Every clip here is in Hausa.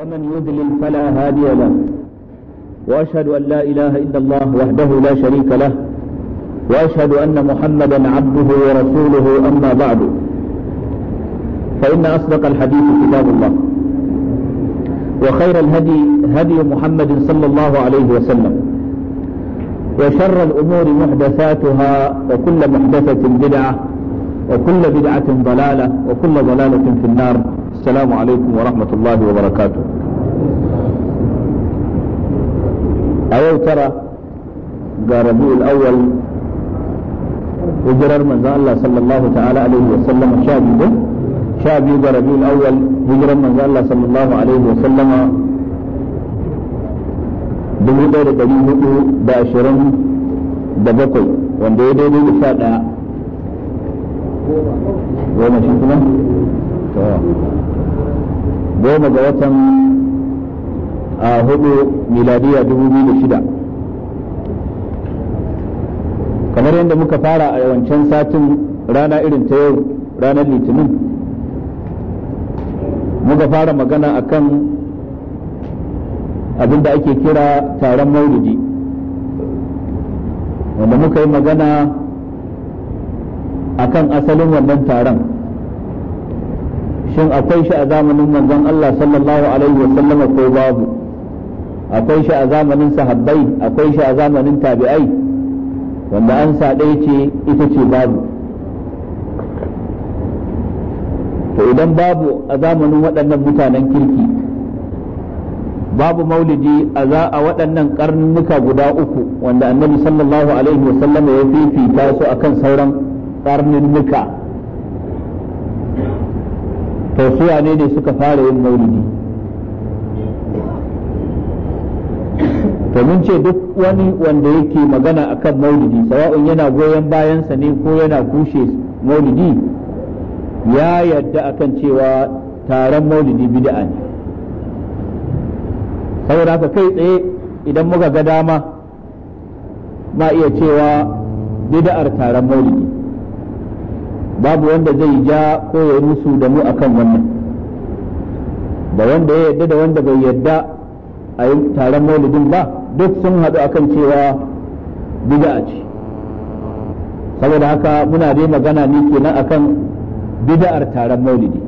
ومن يدلل فلا هادي له واشهد ان لا اله الا الله وحده لا شريك له واشهد ان محمدا عبده ورسوله اما بعد فان اصدق الحديث كتاب الله وخير الهدي هدي محمد صلى الله عليه وسلم وشر الامور محدثاتها وكل محدثه بدعه وكل بدعه ضلاله وكل ضلاله في النار السلام عليكم ورحمة الله وبركاته أو ترى ربيع الأول هجرر من الله صلى الله تعالى عليه وسلم شابي به شابي ربيع الأول هجرر من الله صلى الله عليه وسلم بمدر دليل هدو باشرا دبقل وان دي دي دي شاء goma ga watan a hudu miladiya dubu biyu da shida kamar yadda muka fara a yawancin satin rana irin ta yau ranar litinin muka fara magana a abin da ake kira taron maulidi wanda muka yi magana a kan asalin wannan taron shin akwai shi a zamanin manzon Allah sallallahu alaihi wa sallama ko babu akwai shi a zamanin sahabbai akwai shi a zamanin tabi'ai wanda an ɗaya ce ita ce babu to idan babu a zamanin waɗannan mutanen kirki babu maulidi a za a waɗannan karnuka guda uku wanda annabi sallallahu alaihi wa sallama ya fifita su akan sauran karnuka to su ne ne suka fara yin maulidi to mun ce duk wani wanda yake magana akan maulidi sawa'un yana goyon bayansa ne ko yana kushe maulidi ya yadda akan cewa taron maulidi bid'a ne saboda haka kai tsaye idan muka ga dama ma iya cewa bid'ar taron maulidi babu wanda zai ja ko ya musu da mu akan wannan da wanda ya yadda da wanda bai yarda a yi taron maulidin ba duk sun haɗu akan cewa bid'a ce saboda haka muna dai magana ne kenan akan bid'ar taron maulidi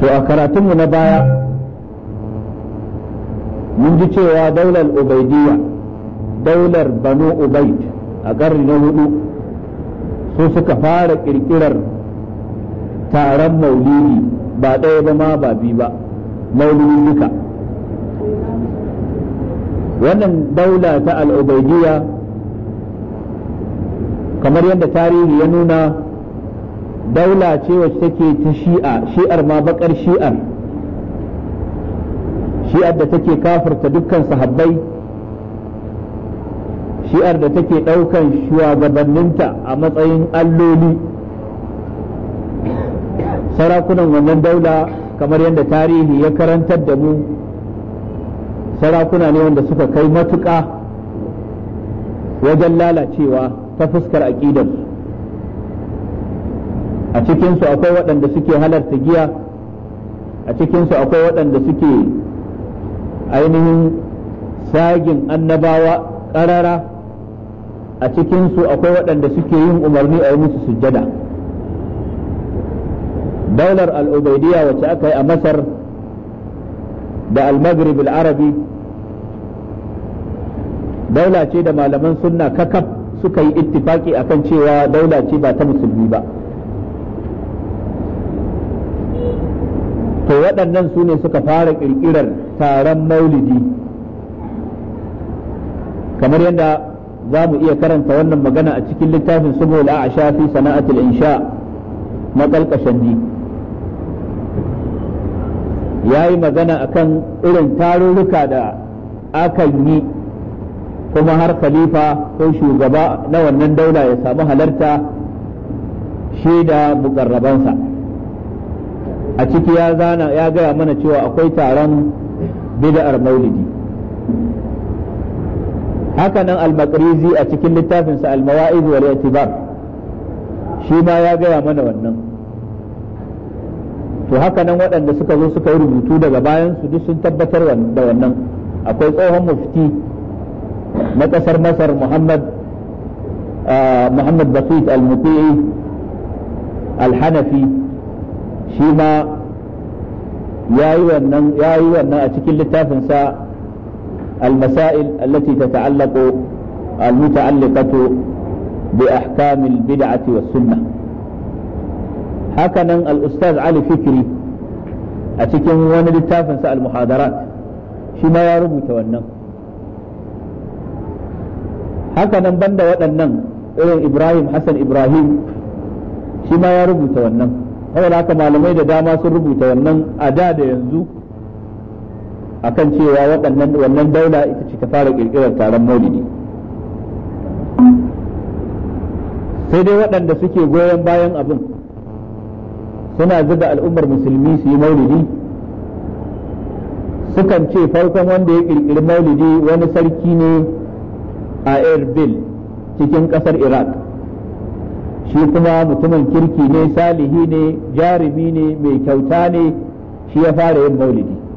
to a karatunmu na baya mun ji cewa daular ubaidiyya daular banu ubaid a ƙarni na hudu su suka fara ƙirƙirar taron maulidi ba ɗaya ba ma ba bi ba duka wannan daula ta al'ubaidiyya kamar yadda tarihi ya nuna daula ce wacce take ta shi'a shi'ar ma baƙar shi'ar shi'ar da take kafirta dukkan sahabbai shi'ar da take ɗaukan shugabanninta a matsayin alloli sarakunan wannan daula kamar yadda tarihi ya karantar da mu sarakuna ne wanda suka kai matuƙa wajen lalacewa ta fuskar aƙidar a cikinsu akwai waɗanda suke halarta giya a cikinsu akwai waɗanda suke ainihin sagin annabawa ƙarara a cikin su akwai waɗanda suke yin umarni a yi musu sujjada daular al'ubaidiyya wacce aka yi a masar da al-maghrib al-arabi daula ce da malaman sunna kakaf suka yi ittifaki akan cewa daula ce ba ta musulmi ba to waɗannan su ne suka fara ƙirƙirar taron maulidi kamar yadda za mu iya karanta wannan magana a cikin littafin saboda a fi sana'atul insha na ya yayi magana akan irin tarurruka da akan yi kuma har khalifa ko shugaba na wannan daula ya samu halarta shi da mukarrabansa a ciki ya gaya mana cewa akwai taron bid'ar maulidi haka nan al-maqrizi a cikin littafinsa al-mawa'iz wal i'tibar shi ma ya gaya mana wannan to hakanan waɗanda suka zo suka yi rubutu daga bayan su duk sun tabbatar da wannan akwai tsohon mufti na ƙasar masar muhammad muhammad basit al-muti'i al-hanafi shi ma ya yi wannan a cikin littafinsa المسائل التي تتعلق المتعلقة بأحكام البدعة والسنة هكذا الأستاذ علي فكري أتكلم وانا سأل المحاضرات شما يارب رب هكذا بند ودنم إبراهيم حسن إبراهيم شما يارب رب هو لك معلومين داما سن رب أداد ينزو akan cewa waɗannan wannan daula ita ce ta fara ƙirƙirar taron maulidi sai dai waɗanda suke goyon bayan abin suna zuba al'ummar musulmi su yi maulidi sukan ce farkon wanda ya ƙirƙiri maulidi wani sarki ne a erbil cikin ƙasar iraq shi kuma mutumin kirki ne salihi ne jarumi ne mai kyauta ne shi ya fara yin maulidi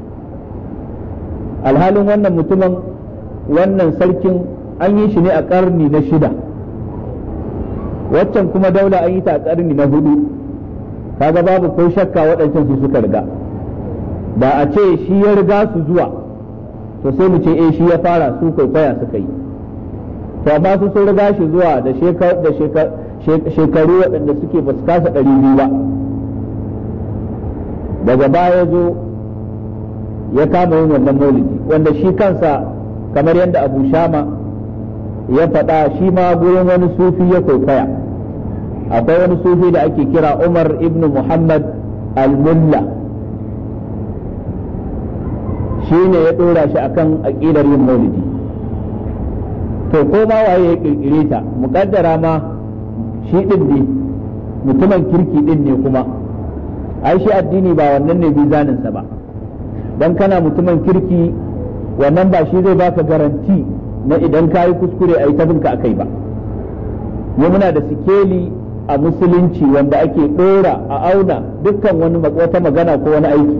alhalin wannan mutumin wannan sarkin an yi shi ne a karni na shida waccan kuma daula an yi ta a karni na hudu kaga babu ko shakka waɗancan su suka riga ba a ce shi ya riga su zuwa to sai mu ce eh shi ya fara su kwaikwaya suka yi to amma su sun riga shi zuwa da shekaru waɗanda suke ba su kasa ɗari biyu ba daga baya zo ya kama yin wannan maulidi wanda shi kansa kamar yadda abu shama ya faɗa shi ma gurin wani sufi ya kwaikwaya akwai wani sufi da ake kira umar ibn muhammad al-mulla shi ne ya ɗora shi akan aƙidar yin maulidi to ko ma waye ya ƙirƙire ta muƙaddara ma shi ɗin ne mutumin kirki ɗin ne kuma ai shi addini ba wannan ne zaninsa ba dan kana mutumin kirki wannan ba shi zai baka garanti na idan ka yi kuskure a yi ta binka akai ba mu muna da sikeli a musulunci wanda ake ɗora a auna dukkan wani wata magana ko wani aiki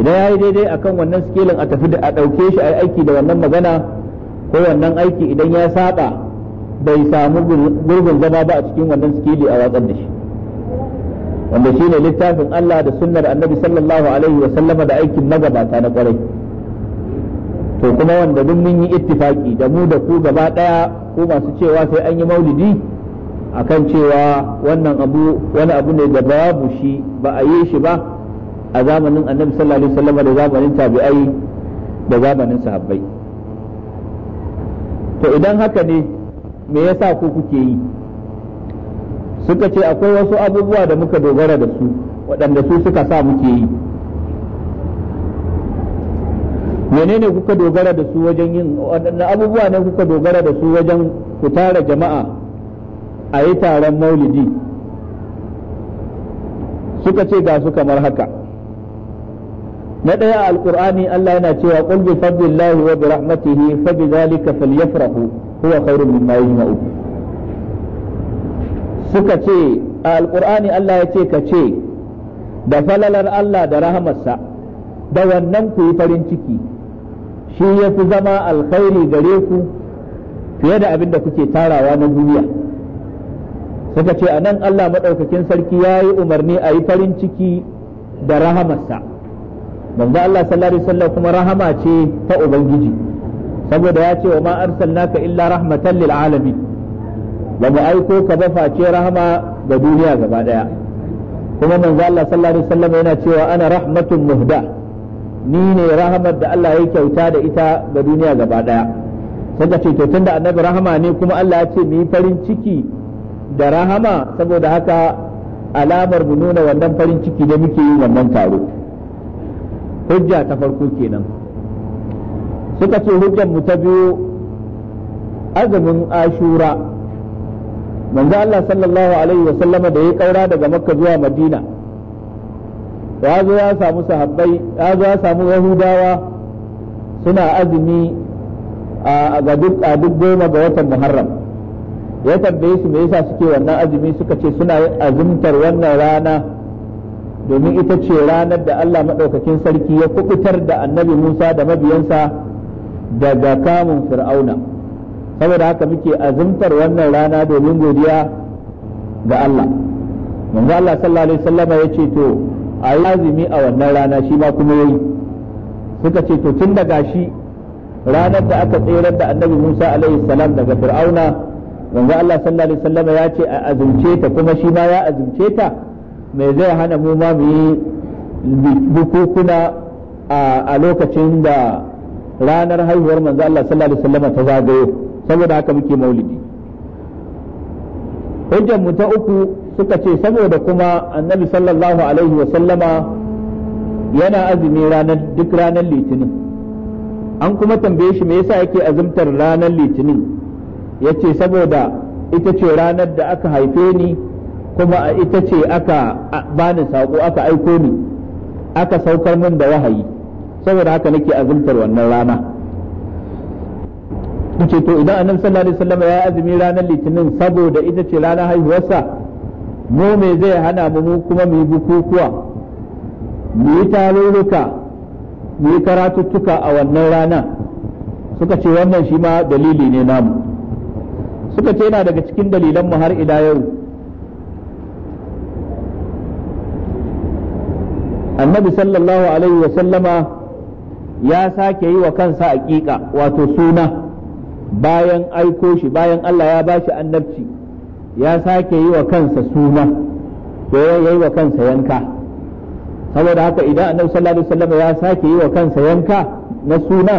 idan ya yi daidai akan wannan sikelin a tafi a ɗauke shi a yi aiki da wannan magana ko wannan aiki idan ya saba bai samu gurgun zama ba a cikin wannan sikeli a watsar da shi wanda shi ne littafin Allah da sunnar annabi sallallahu alaihi wa sallama da aikin magabata na kwarai to kuma wanda duk mun yi ittifaki da mu da ku gaba daya ko masu cewa sai an yi maulidi akan cewa wannan abu wani abu ne da babu shi ba a yi shi ba a zamanin annabi sallallahu alaihi da zamanin tabi'ai da zamanin sahabbai to idan haka ne me yasa ku kuke yi suka ce akwai wasu abubuwa da muka dogara da su waɗanda su suka sa muke yi menene kuka dogara da su wajen yin waɗanda abubuwa ne kuka dogara da su wajen ku tara jama'a a yi taron maulidi suka ce ga su kamar haka na ɗaya alƙur'ani Allah yana cewa ƙulbi fadlillahi wa bi rahmatihi fa bi dhalika falyafrahu huwa khairun mimma yajma'u suka ce a Alƙur'ani Allah ya ce ka ce da falalar Allah da rahamarsa da wannan ku yi farin ciki shi ya fi zama alkhairi gare ku fiye da abin da kuke tarawa na duniya suka ce a nan Allah maɗaukakin sarki ya yi umarni a yi farin ciki da rahamarsa manzo Allah sallallahu alaihi kuma rahama ce ta ubangiji saboda ya ce wa ma arsalnaka illa rahmatan lil alamin ba mu aiko ka ba face rahama ga duniya gaba daya kuma manzo Allah sallallahu alaihi wasallam yana cewa ana rahmatun muhda ni ne rahamar da Allah ya kyauta da ita ga duniya gaba daya sanda ce to tunda annabi rahama ne kuma Allah ya ce mu yi farin ciki da rahama saboda haka alamar mu nuna wannan farin ciki da muke yi wannan taro hujja ta farko kenan suka ce hujjar mu ta biyo azumin ashura manzo Allah sallallahu alaihi wa sallama da ya kaura daga makka zuwa madina ya zo ya samu sahabbai ya ya samu yahudawa suna azumi a duk goma ga watan muharram ya tambaye su me yasa suke wannan azumi suka ce suna azumtar wannan rana domin ita ce ranar da Allah madaukakin sarki ya kubutar da annabi Musa da mabiyansa daga kamun fir'auna saboda haka muke azumtar wannan rana domin godiya ga Allah yanzu Allah sallallahu alaihi wasallama ya ce to a yi azumi a wannan rana shi ma kuma yayi suka ce to tun daga shi ranar da aka tserar da annabi Musa alaihi salam daga Fir'auna yanzu Allah sallallahu alaihi wasallama ya ce a azumce ta kuma shi ma ya azumce ta me zai hana mu ma mu yi bukukuna a lokacin da ranar haihuwar manzo Allah sallallahu alaihi wasallama ta zagayo saboda haka muke maulidi hujjar mu ta uku suka ce saboda kuma annabi sallallahu alaihi wa sallama yana azumi ranar duk ranar litinin an kuma tambaye shi me yasa yake azumtar ranar litinin yace saboda ita ce ranar da aka haife ni kuma ita ce aka bani sako aka aiko ni aka saukar min da wahayi saboda haka nake azumtar wannan rana kuce to idan annabi sallallahu alaihi wasallam ya azumi ranar litinin saboda ita ce ranar haihuwarsa mu me zai hana mu kuma mu yi bukukuwa mu yi tarurruka mu yi karatuttuka a wannan rana suka ce wannan shi ma dalili ne namu suka ce yana daga cikin dalilan mu har ila yau annabi sallallahu alaihi wasallama ya sake yi wa kansa aƙiƙa wato suna bayan aiko shi bayan Allah ya bashi annabci ya sake yi wa kansa suna ko ya yi wa kansa yanka saboda haka idan annabi sallallahu alaihi wasallam ya sake yi wa kansa yanka na suna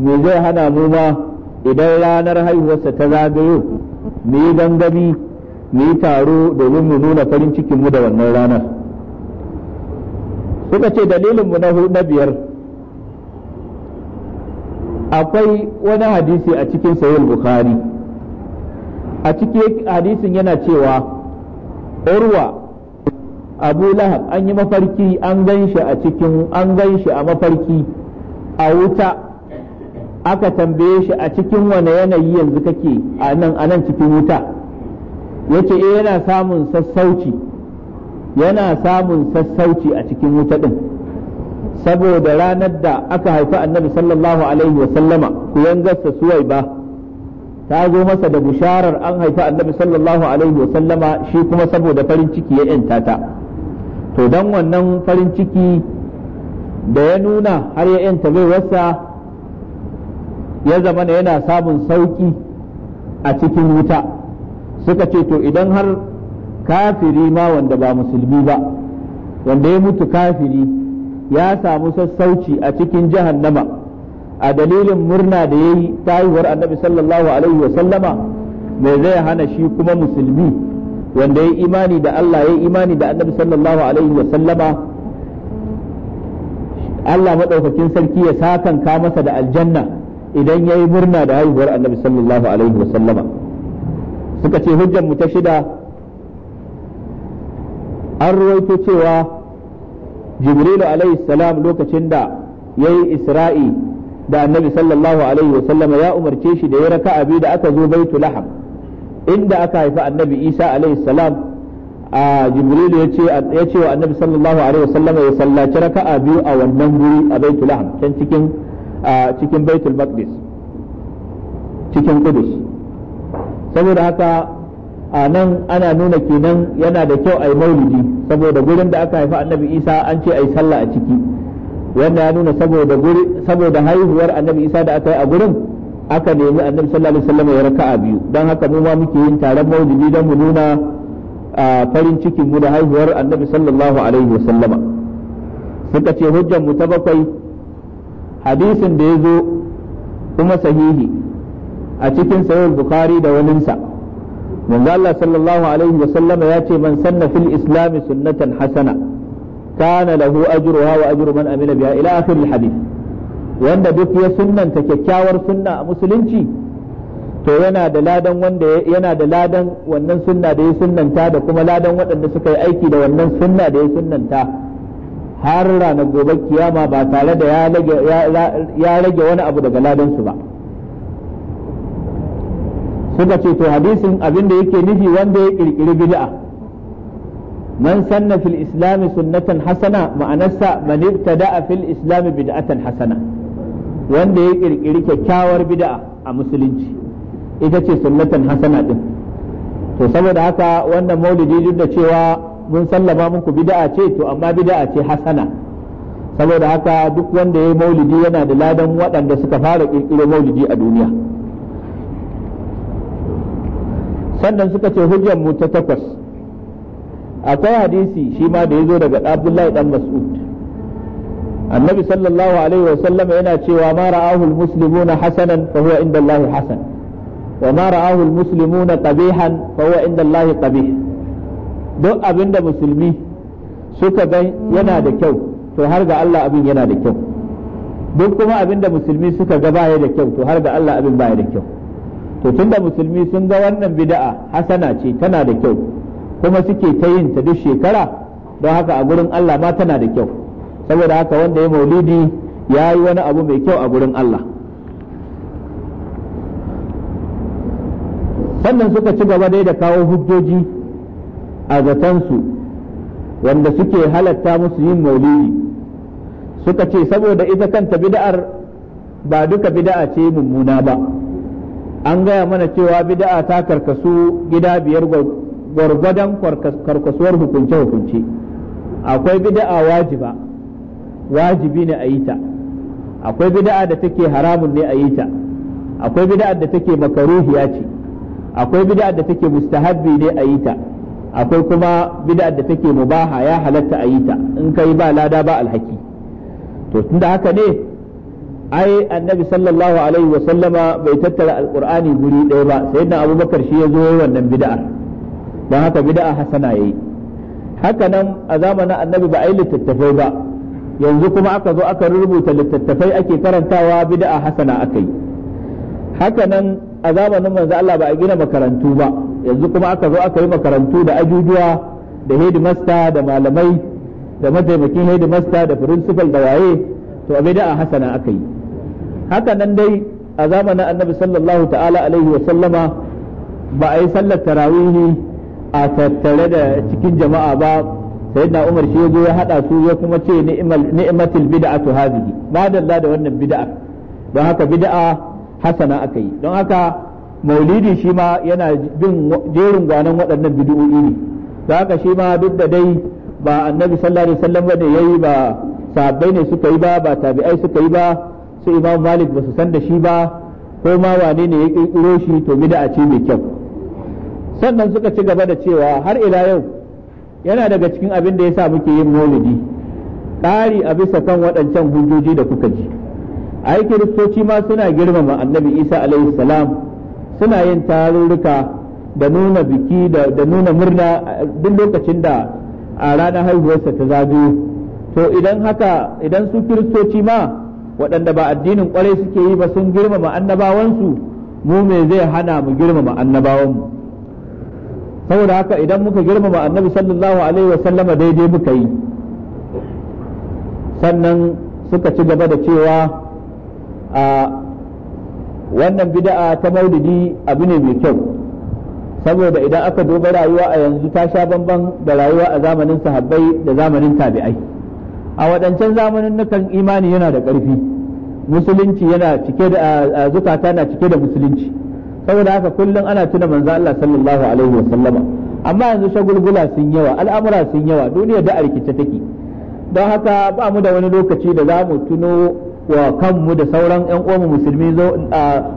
me zai hana mu ma idan ranar haihuwarsa ta zagayo mu yi gangami mu yi taro domin mu nuna farin cikin mu da wannan ranar suka ce dalilin mu na biyar akwai wani hadisi a cikin sahih bukhari a cikin hadisin yana cewa urwa abu lahab an yi mafarki an gan shi a cikin an gan shi a mafarki a wuta aka tambaye shi a cikin wane yanayi yanzu kake a nan cikin wuta yace eh yana samun sassauci yana samun sassauci a cikin wuta din saboda ranar da aka haifi annabi sallallahu alaihi wasallama ku yangarsa suwai ba ta zo masa da bisharar an haifi annabi sallallahu alaihi wasallama shi kuma saboda farin ciki ya yanta ta to don wannan farin ciki da ya nuna har ya yanta wasa ya zama yana samun sauki a cikin wuta suka ce to idan har kafiri ma wanda ba musulmi ba wanda ya mutu kafiri ya samu sassauci a cikin jahannama a dalilin murna da ya yi tayuwar annabi sallallahu alaihi mai zai hana shi kuma musulmi wanda ya imani da Allah ya imani da annabi sallallahu alaihi Allah maɗaukakin sarki ya sakanka masa da aljanna idan ya yi murna da haihuwar annabi sallallahu alaihi suka ce hujjar mu ta shida an ruwaito cewa jibrilu alaihi lokacin da yayi isra'i da annabi sallallahu ya umarce shi da ya raka'a biyu da aka zo baitul inda aka haifi annabi isa alaihi salam jibrilu ya ce wa annabi sallallahu alaihi wa sallama ya sallaci raka'a biyu a wannan guri a baitul laham can cikin cikin cikin kudus saboda haka a nan ana nuna kenan yana da kyau a yi maulidi saboda gurin da aka haifi annabi isa an ce a yi sallah a ciki wanda ya nuna saboda guri saboda haihuwar annabi isa da aka yi a gurin aka nemi annabi sallallahu alaihi wasallam ya raka'a biyu don haka mu ma muke yin taron maulidi don mu nuna farin cikin mu da haihuwar annabi sallallahu alaihi wasallama suka ce hujjar mu ta bakwai hadisin da ya zo kuma sahihi a cikin sahih bukhari da waninsa manzo Allah sallallahu alaihi wa sallama ya ce man sanna fil islam sunnatan hasana kana lahu ajruha wa ajru man amila biha ila akhir hadith wanda duk ya sunnanta kyakkyawar sunna a musulunci to yana da ladan wanda yana da ladan wannan sunna da ya sunnanta da kuma ladan waɗanda suka yi aiki da wannan sunna da ya sunnanta har ranar gobe kiyama ba tare da ya rage wani abu daga ladansu ba suka ce to hadisin abin da yake nufi wanda ya kirkiri bid'a man sanna fil islam sunnatan hasana ma'anarsa man ibtada'a fil islam bid'atan hasana wanda ya kirkiri kyakkyawar bid'a a musulunci ita ce sunnatan hasana din to saboda haka wannan maulidi duk da cewa mun sallama muku bid'a ce to amma bid'a ce hasana saboda haka duk wanda ya yi maulidi yana da ladan waɗanda suka fara kirkiro maulidi a duniya sannan suka ce hujjar mu ta takwas akwai hadisi shi ma da ya zo daga abdullahi dan mas'ud annabi sallallahu alaihi wa sallam yana cewa ma ra'ahu almuslimuna hasanan fa huwa inda allahi hasan wa ma ra'ahu almuslimuna qabihan fa huwa inda allahi qabih duk abinda musulmi suka ga yana da kyau to har ga Allah abin yana da kyau duk kuma abinda musulmi suka ga baya da kyau to har ga Allah abin baya da kyau to tunda musulmi sun ga wannan bid'a hasana ce tana da kyau kuma suke ta yin ta duk shekara don haka a gurin Allah ma tana da kyau saboda haka wanda ya maulidi ya yi wani abu mai kyau a gurin Allah sannan suka ci gaba dai da kawo hujjoji a zatansu wanda suke halatta musu yin maulidi suka ce saboda ita kanta bid'ar ba duka bid'a ce mummuna ba an gaya mana cewa bid'a ta karkasu gida biyar gwargwadon karkasuwar hukunce-hukunce akwai bid'a wajiba wajibi ne a yi ta akwai bid'a da take haramun ne a yi ta akwai bid'a da take makaruhiya ce akwai bid'a da take mustahabbi ne a yi ta akwai kuma bid'a da take mubaha ya halatta a yi ta in kai ba lada ba alhaki to tunda haka ne ai annabi sallallahu alaihi wa sallama bai tattara alqur'ani guri ɗaya ba sai da abubakar shi ya zo wannan bid'ar don haka bid'a hasana yayi haka nan a zamanin annabi ba ai littattafai ba yanzu kuma aka zo aka rubuta littattafai ake karantawa bid'a hasana akai haka nan a zamanin manzo Allah ba a gina makarantu ba yanzu kuma aka zo aka yi makarantu da ajujuwa da hedimasta da malamai da mataimakin hedimasta da principal da waye to a bid'a hasana akai haka nan dai a zamanin annabi sallallahu ta'ala alaihi wa sallama ba a yi sallar tarawihi a tattare da cikin jama'a ba sayyidina umar shi ya zo ya hada su ya kuma ce ni'matul bid'atu hadhihi ba dalla da wannan bid'a don haka bid'a hasana aka yi don haka maulidi shi ma yana bin jerin gwanan waɗannan bid'o'i ne don haka shi ma duk da dai ba annabi sallallahu alaihi wasallam ne yayi ba sahabbai ne suka yi ba ba tabi'ai suka yi ba su imam malik ba su san da shi ba ko ma wane ne ya kirkiro shi to mida a ce mai kyau sannan suka ci gaba da cewa har ila yau yana daga cikin abin da ya sa muke yin maulidi ƙari a bisa kan waɗancan hujjoji da kuka ji yi kiristoci ma suna girmama annabi isa alaihi suna yin tarurruka da nuna biki da nuna murna duk lokacin da a ranar haihuwarsa ta zagayo to idan haka idan su kiristoci ma waɗanda ba addinin ƙwarai suke yi ba sun girmama annabawansu mu me zai hana mu girmama annabawanmu saboda haka idan muka girmama annabi sallallahu alaihi wasallama daidai muka yi sannan suka ci gaba da cewa a wannan bida'a ta maulidi abu ne mai kyau saboda idan aka duba rayuwa a yanzu ta sha bamban da rayuwa a zamanin sahabbai da zamanin tabi'ai a waɗancan zamanin kan imani yana da ƙarfi musulunci yana cike da zukata na cike da musulunci saboda haka kullum ana tuna manzo Allah sallallahu alaihi wa sallama amma yanzu shagulgula sun yawa al'amura sun yawa duniya da arkice take don haka ba mu da wani lokaci da za mu tuno wa kanmu da sauran yan uwanmu musulmi zo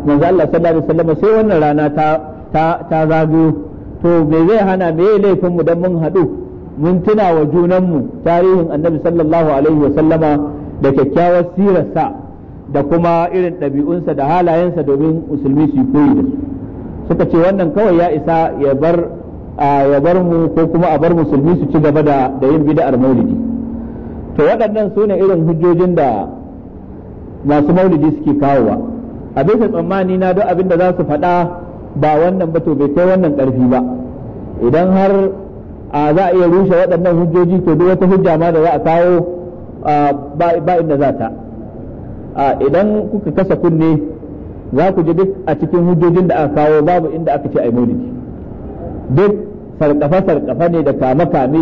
manzo Allah sallallahu alaihi wa sallama sai wannan rana ta ta ta zago to me zai hana me laifin mu dan mun haɗu mun tuna wa junanmu tarihin annabi sallallahu alaihi wasallama da kyakkyawar sirarsa da kuma irin ɗabi'unsa da halayensa domin musulmi su koyi da su suka ce wannan kawai ya isa ya bar ya bar mu ko kuma a bar musulmi su ci gaba da yin bid'ar maulidi to waɗannan su ne irin hujjojin da masu maulidi suke kawowa a bisa tsammani na duk abin da za su faɗa ba wannan ba to bai kai wannan ƙarfi ba idan har a za a iya rushe waɗannan hujjoji to duk wata hujja ma da za a kawo ba inda za ta idan kuka kasa kunne za ku ji duk a cikin hujjojin da aka kawo babu inda aka ce a yi duk sarkafa-sarkafa ne da kame-kame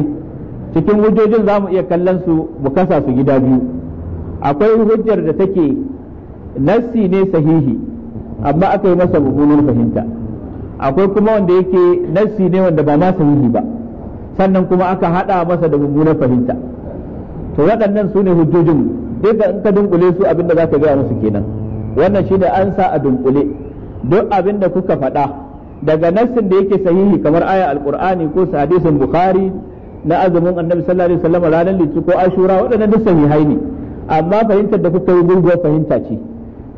cikin hujjojin za mu iya kallon su mu kasa su gida biyu akwai hujjar da take nassi ne sahihi amma aka yi masa mummunar fahimta akwai kuma wanda yake nassi ne wanda ba ma sahihi ba sannan kuma aka hada masa da mummunar fahimta to waɗannan su ne hujjojin da in ka dunkule su abin da za ka gaya musu kenan wannan shine an sa a dunkule duk abin da kuka faɗa daga nassin da yake sahihi kamar aya alqur'ani ko hadisin bukhari na azumin annabi sallallahu alaihi wasallam ranar litinin ko ashura waɗannan duk sahihai ne amma fahimtar da kuka yi gurguwar fahimta ce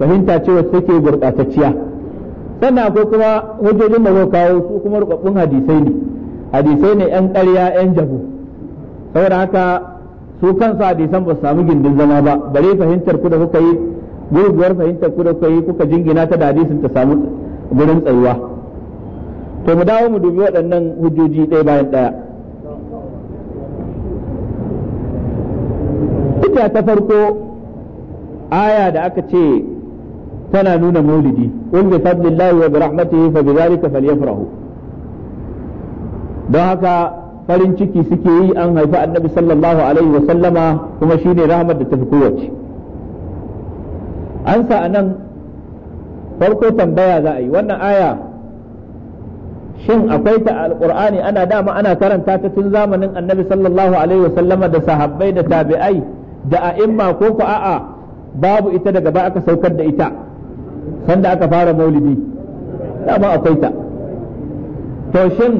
fahimta ce wacce take gurɓatacciya sannan akwai kuma hujjojin da zai kawo su kuma rubabbun hadisai ne hadisai ne yan ƙarya yan jabu saboda haka su kansu hadisan ba su samu gindin zama ba bare fahimtar ku da kuka yi gurguwar fahimtar ku da kuka yi kuka jingina ta da hadisin ta samu gurin tsayuwa to mu dawo mu dubi waɗannan hujjoji ɗaya bayan ɗaya ita ta farko aya da aka ce tana nuna maulidi qul fadlillahi wa bi rahmatihi fa bi falyafrahu don haka farin ciki suke yi an haifi annabi sallallahu alaihi wasallama kuma shine rahmar da tafi kowace an sa anan farko tambaya za a yi wannan aya shin akwai ta alqur'ani ana dama ana karanta ta tun zamanin annabi sallallahu alaihi wasallama da sahabbai da tabi'ai da a'imma ko ku a'a babu ita daga ba aka saukar da ita sanda aka fara maulidi dama akwai ta to shin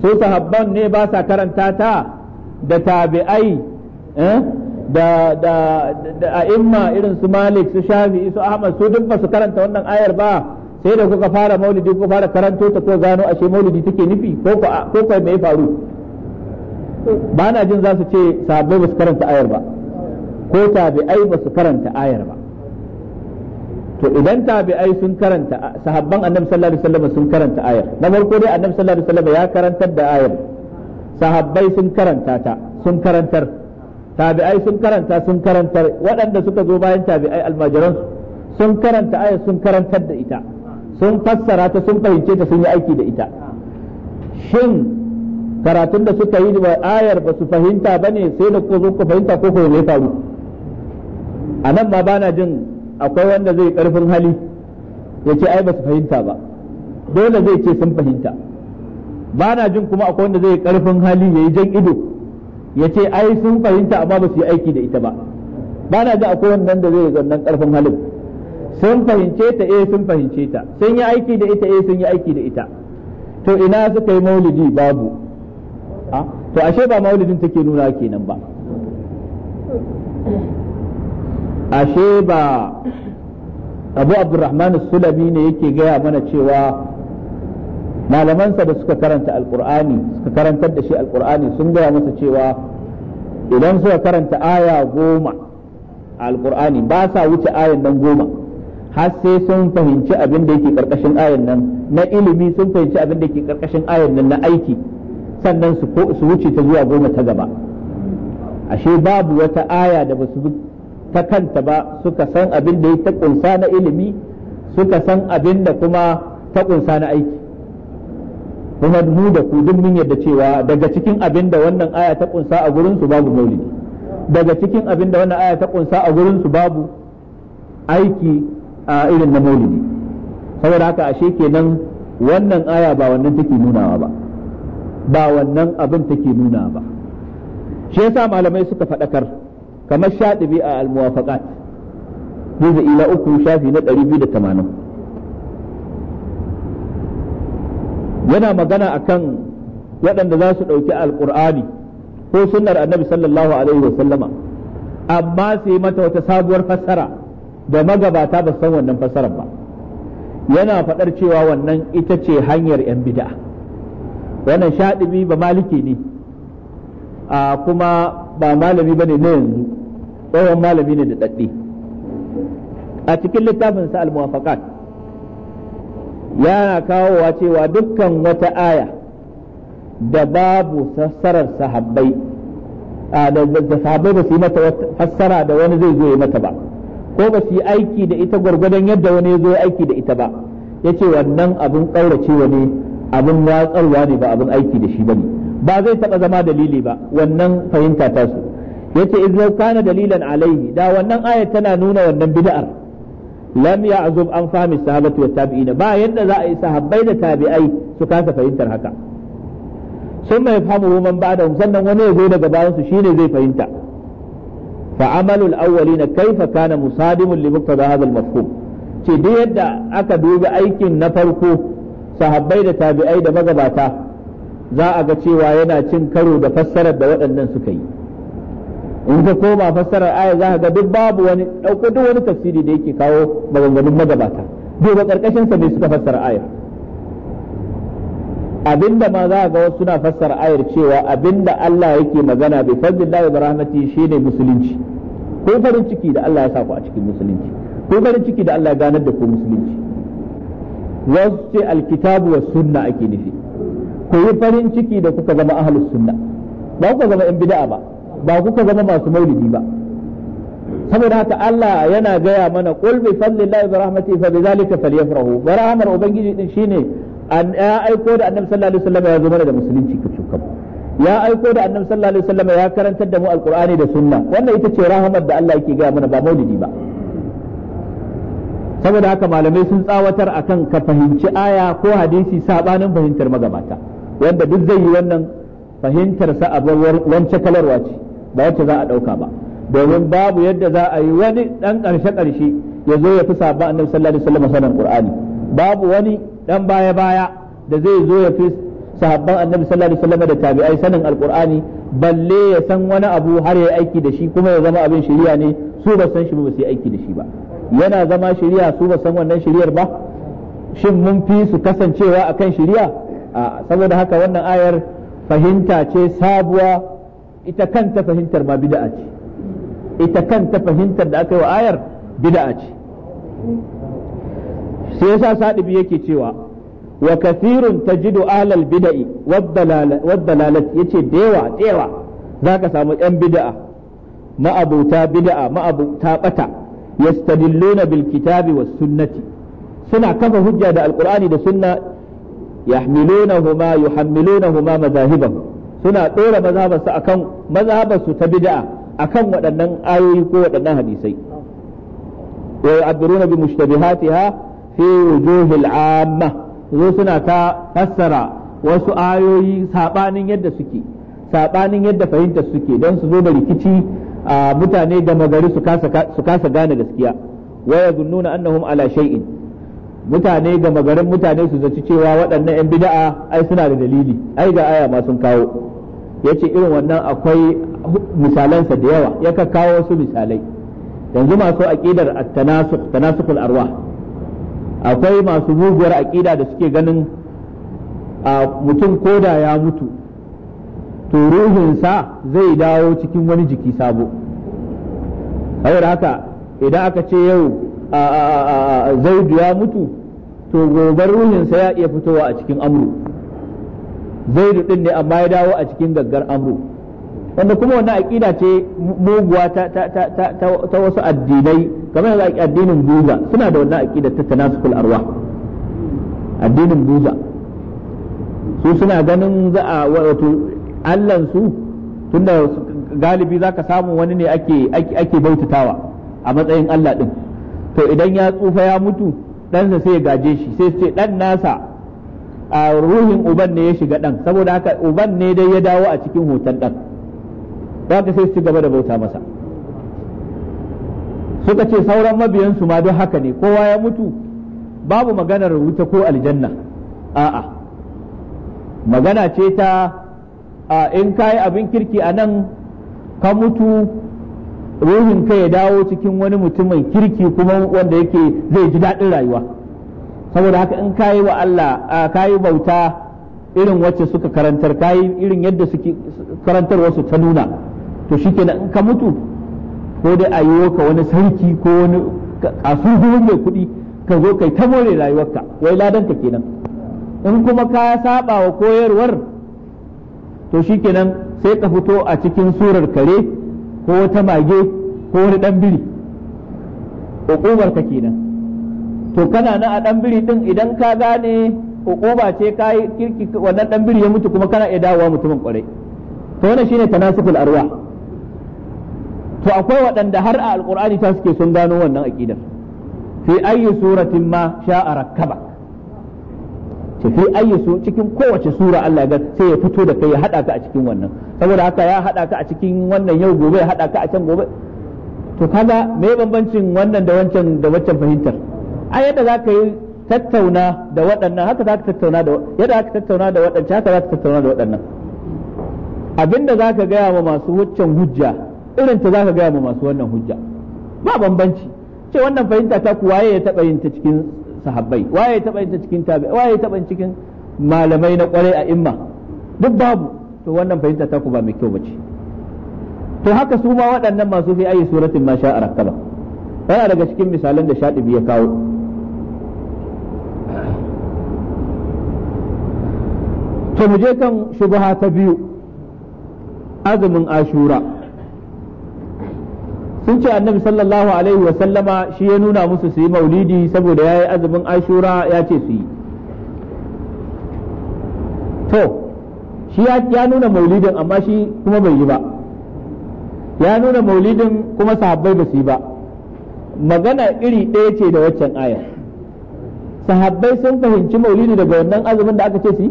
su sahabban ne ba sa karanta ta da tabi'ai eh, da da a'imma irin su malik su shafi'i su ahmad su duk ba su karanta wannan ayar ba sai da kuka fara maulidi kuka fara karanto ta ko gano ashe maulidi take nufi ko ko ko mai faru ba na jin za su ce sahabbai ba su karanta ayar ba ko tabi'ai ba su karanta ayar ba to idan tabi'ai sun karanta sahabban annabi sallallahu alaihi wasallam sun karanta ayar na farko dai annabi sallallahu alaihi wasallam ya karantar da ayar sahabbai sun karanta ta sun karantar tabi'ai sun karanta sun karantar waɗanda suka zo bayan tabi'ai almajiran sun karanta ayar sun karantar da ita sun fassara ta sun fahimce ta sun yi aiki da ita shin karatun da suka yi da ayar ba su fahimta bane sai da ko zo ku fahimta ko ko ne faru a nan ma bana jin akwai wanda zai karfin hali ya ce ai ba su fahimta ba dole zai ce sun fahimta ba na jin kuma akwai wanda zai karfin hali ya yi jan ido ya ce ai sun fahimta amma ba su yi aiki da ita ba ba na ji akwai wannan da zai zannan karfin halin sun fahimce ta eh sun fahimce ta sun yi aiki da ita eh sun yi aiki da ita to ina suka yi maulidi babu ah to ashe ba maulidin take nuna kenan ba ashe ba abu abdurrahman sulami ne yake gaya mana cewa malamansa da suka karanta alkur'ani suka karantar da shi alkur'ani sun gaya masa cewa idan suka karanta aya goma a alkur'ani ba sa wuce ayan nan goma har sai sun fahimci abin da yake karkashin ayan nan na ilimi sun fahimci abin da yake karkashin ayan nan na aiki sannan su wuce ta zuwa goma ta gaba ashe babu wata aya da ba su ta kanta ba suka san abin da ya ta kunsa na ilimi suka san abin da kuma ta kunsa na aiki kuma mu da ku duk mun yadda cewa daga cikin abin da wannan aya ta kunsa a gurin su babu maulidi daga cikin abin da wannan aya ta kunsa a gurin su babu aiki a irin na maulidi saboda haka ashe kenan wannan aya ba wannan take nunawa ba ba wannan abin take nuna ba shi yasa malamai suka faɗakar kamar shaɗibi a al-muwafaqat juz'i ila uku shafi na 280 yana magana a kan waɗanda za su ɗauki alƙur'ani ko sunnar annabi sallallahu alaihi wasallama amma su mata wata sabuwar fassara da magabata ba san wannan fassarar ba yana faɗar cewa wannan ita ce hanyar 'yan bid'a wannan shaɗibi ba maliki ne a kuma ba malami bane na yanzu tsohon malami ne da daddi a cikin littafin sa al-muwafaqat yana kawowa cewa dukkan wata aya da babu fassarar sahabbai da sahabbai ba su yi mata fassara da wani zai zo ya mata ba ko ba su yi aiki da ita gwargwadon yadda wani ya zo ya aiki da ita ba yace wannan abin kaurace ne abin watsarwa ne ba abin aiki da shi bane ba zai taɓa zama dalili ba wannan fahimta ta su yace idza kana dalilan alaihi da wannan ayat tana nuna wannan bid'ar lam ya'zub an fahmi da wa tabi'in ba yadda za a yi sahabbai da tabi'ai su kasa fahimtar haka sun mai fahimu man ba'da sannan wani ya zo daga bayan su shine zai fahimta fa amalul na kaifa kana musadimun li muqtada hadha al-mafhum ce duk yadda aka dubi aikin na farko sahabbai da tabi'ai da magabata za a ga cewa yana cin karo da fassarar da waɗannan suka yi in ka koma fassarar aya za ka ga duk babu wani ɗauko duk wani tafsiri da yake kawo maganganun magabata duba ƙarƙashin sa ne suka fassara ayar abinda ma za ga wasu suna fassara ayar cewa abinda Allah yake magana bi fadlillahi da rahmatihi shine musulunci ko farin ciki da Allah ya sa ku a cikin musulunci ko farin ciki da Allah ya ganar da ku musulunci wasu ce alkitabu wa sunna ake nufi ku yi farin ciki da kuka zama ahlus sunna ba kuka zama yan bid'a ba ba kuka zama masu maulidi ba saboda haka Allah yana gaya mana qul bi fadlillahi wa rahmatihi fa bidhalika falyafrahu wa rahmar ubangiji din shine an ya aiko da annabi sallallahu alaihi wasallam ya zo mana da musulunci kacukan ya aiko da annabi sallallahu alaihi wasallam ya karantar da mu alqur'ani da sunna wannan ita ce rahamar da Allah yake gaya mana ba maulidi ba saboda haka malamai sun tsawatar akan ka fahimci aya ko hadisi sabanin fahimtar magabata wanda duk zai yi wannan fahimtar a wance kalarwa ce ba wacce za a ɗauka ba domin babu yadda za a yi wani ɗan ƙarshe ƙarshe ya zo ya fi saba annabi sallallahu alaihi wasallam sanan qur'ani babu wani ɗan baya baya da zai zo ya fi sahabban annabi sallallahu alaihi wasallam da tabi'ai sanin alqur'ani balle ya san wani abu har ya aiki da shi kuma ya zama abin shari'a ne su ba san shi ba su aiki da shi ba yana zama shari'a su ba san wannan shari'ar ba shin mun fi su kasancewa akan shari'a saboda haka wannan ayar fahimta ce sabuwa ita kanta fahimtar ma bid'a ce ita kanta fahimtar da aka yi wa ayar bida'a ce sai yasa sadibi yake cewa wa kathirun tajidu ahlal bid'i wad dalalat yace dewa dewa zaka samu yan bida'a ma'abuta bid'a ma'abuta bata yastadilluna bil kitabi was sunnati suna kafa hujja da alqur'ani da sunna yahmilunahuma maza madhahibahum suna ɗora maza basu ta ta bid'a akan waɗannan ayoyi ko waɗannan hadisai wa yu'abbiruna bi mushtabihatiha fi wujuhil amma zo suna ta fassara wasu ayoyi saɓanin yadda suke sabanin yadda fahimtar suke don su zo da rikici a mutane gama gari su kasa gane gaskiya waya wa yazunnuna annahum ala shaiin. mutane ga magarin mutane su zaci cewa waɗannan 'yan bida'a ai suna da dalili ai ga aya ma sun kawo ya ce irin wannan akwai misalansa da yawa ya ka kawo wasu misalai yanzu masu aƙidar tanasukul arwa akwai masu muguwar aƙida da suke ganin a mutum koda ya mutu to ruhinsa zai dawo cikin wani jiki sabo saboda haka idan aka ce yau zaidu ya mutu to gobar ruhinsa ya iya fitowa a cikin amru zaidu din ne amma ya dawo a cikin gaggar amru wanda kuma wannan aƙida ce muguwa ta, ta, ta, ta, wasu addinai kamar yanzu addinin buza suna da wannan aƙida ta tanasukul arwa addinin buza su suna ganin za a wato allansu tunda galibi zaka samu wani ne ake, ake, ake bautatawa a matsayin allah din to idan ya tsufa ya mutu ɗansa sai ya gaje shi sai ce ɗan nasa a ruhin uban ne ya shiga ɗan saboda haka uban ne dai ya dawo a cikin hoton ɗan haka sai su gaba da bauta masa suka ce sauran mabiyansu ma don haka ne kowa ya mutu babu maganar rubuta ko aljanna a'a magana ce ta in ka yi abin kirki a nan ka mutu ruhin ka ya dawo cikin wani mutum mai kirki kuma wanda yake zai ji daɗin rayuwa saboda haka in kayi wa Allah kayi bauta irin wacce suka karantar kayi irin yadda suke karantar wasu ta nuna to shikenan in ka mutu ko dai a yi ka wani sarki ko wani kasurgumin mai kuɗi ka zo kai ta more rayuwarka wai Ladan ka kenan in kuma ka saba wa koyarwar to shikenan sai ka fito a cikin surar kare ko wata mage ko wani dan biri hukumar ka kenan to kana na a ɗan biri ɗin idan ka gane hukuma ce ka yi kirki wannan dan biri ya mutu kuma kana iya dawowa mutumin kwarai to wannan shine tanasukul arwa to akwai waɗanda har a alqur'ani ta suke sun gano wannan aqidar fi ayyi suratin ma sha'a rakkaba ce fi su cikin kowace sura Allah ga sai ya fito da kai ya hada ka a cikin wannan saboda haka ya hada ka a cikin wannan yau gobe ya hada ka a can gobe to kaga me bambancin wannan da wancan da wancan fahimtar ai yadda za ka yi tattauna da waɗannan haka za ka tattauna da yadda za ka tattauna da waɗannan haka za ka tattauna da waɗannan abinda za ka gaya ma masu waccan hujja irin ta za ka gaya ma masu wannan hujja ba bambanci ce wannan fahimta ta kuwaye ya taɓa yin ta cikin sahabbai waye ya yin ta cikin tabi waye ya yin cikin malamai na kwarai a imma duk babu to wannan fahimta ta ku ba mai kyau bace to haka su ma waɗannan masu fi ayi suratin ma sha'a rakkaba yana daga cikin misalan da shaɗi ya kawo to mu je kan shubha ta biyu azumin ashura sun ce annabi sallallahu alaihi wa sallama shi ya nuna musu su yi maulidi saboda ya yi azumin ashura ya ce su yi to shi ya nuna maulidin amma shi kuma bai yi ba ya nuna maulidin kuma sahabbai ba su yi ba magana iri ɗaya ce da waccan aya sahabbai sun fahimci maulidi daga wannan azumin da aka ce su yi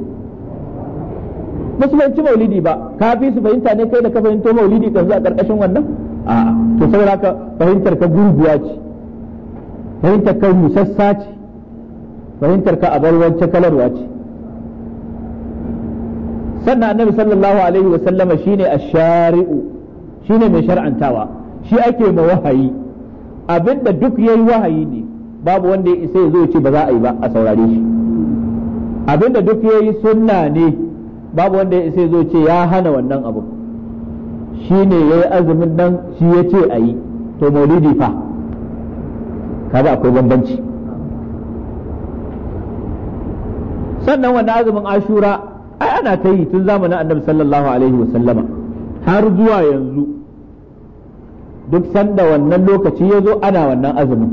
ba su fahimci maulidi ba kafi su fahimta ne kai da ka fahimto maulidi kan a ƙarƙashin wannan a'a to saboda ka fahimtar ka gurguwa ce fahimtar ka musassa ce fahimtar ka abarwance kalarwa ce sannan annabi sallallahu alaihi wa sallama shine ash-shari'u shine mai shar'antawa shi ake ma wahayi abinda duk yayi wahayi ne babu wanda ya isa ya zo ya ce ba za a yi ba a saurare shi abinda duk yayi sunna ne babu wanda ya isa ya zo ya ce ya hana wannan abu shi ne ya yi azumin nan shi ya ce a yi to maulidi fa kaga akwai bambanci sannan wannan azumin ashura ai ana ta yi tun zamanin annabi sallallahu alaihi wa sallama har zuwa yanzu duk sanda wannan lokaci ya zo ana wannan azumin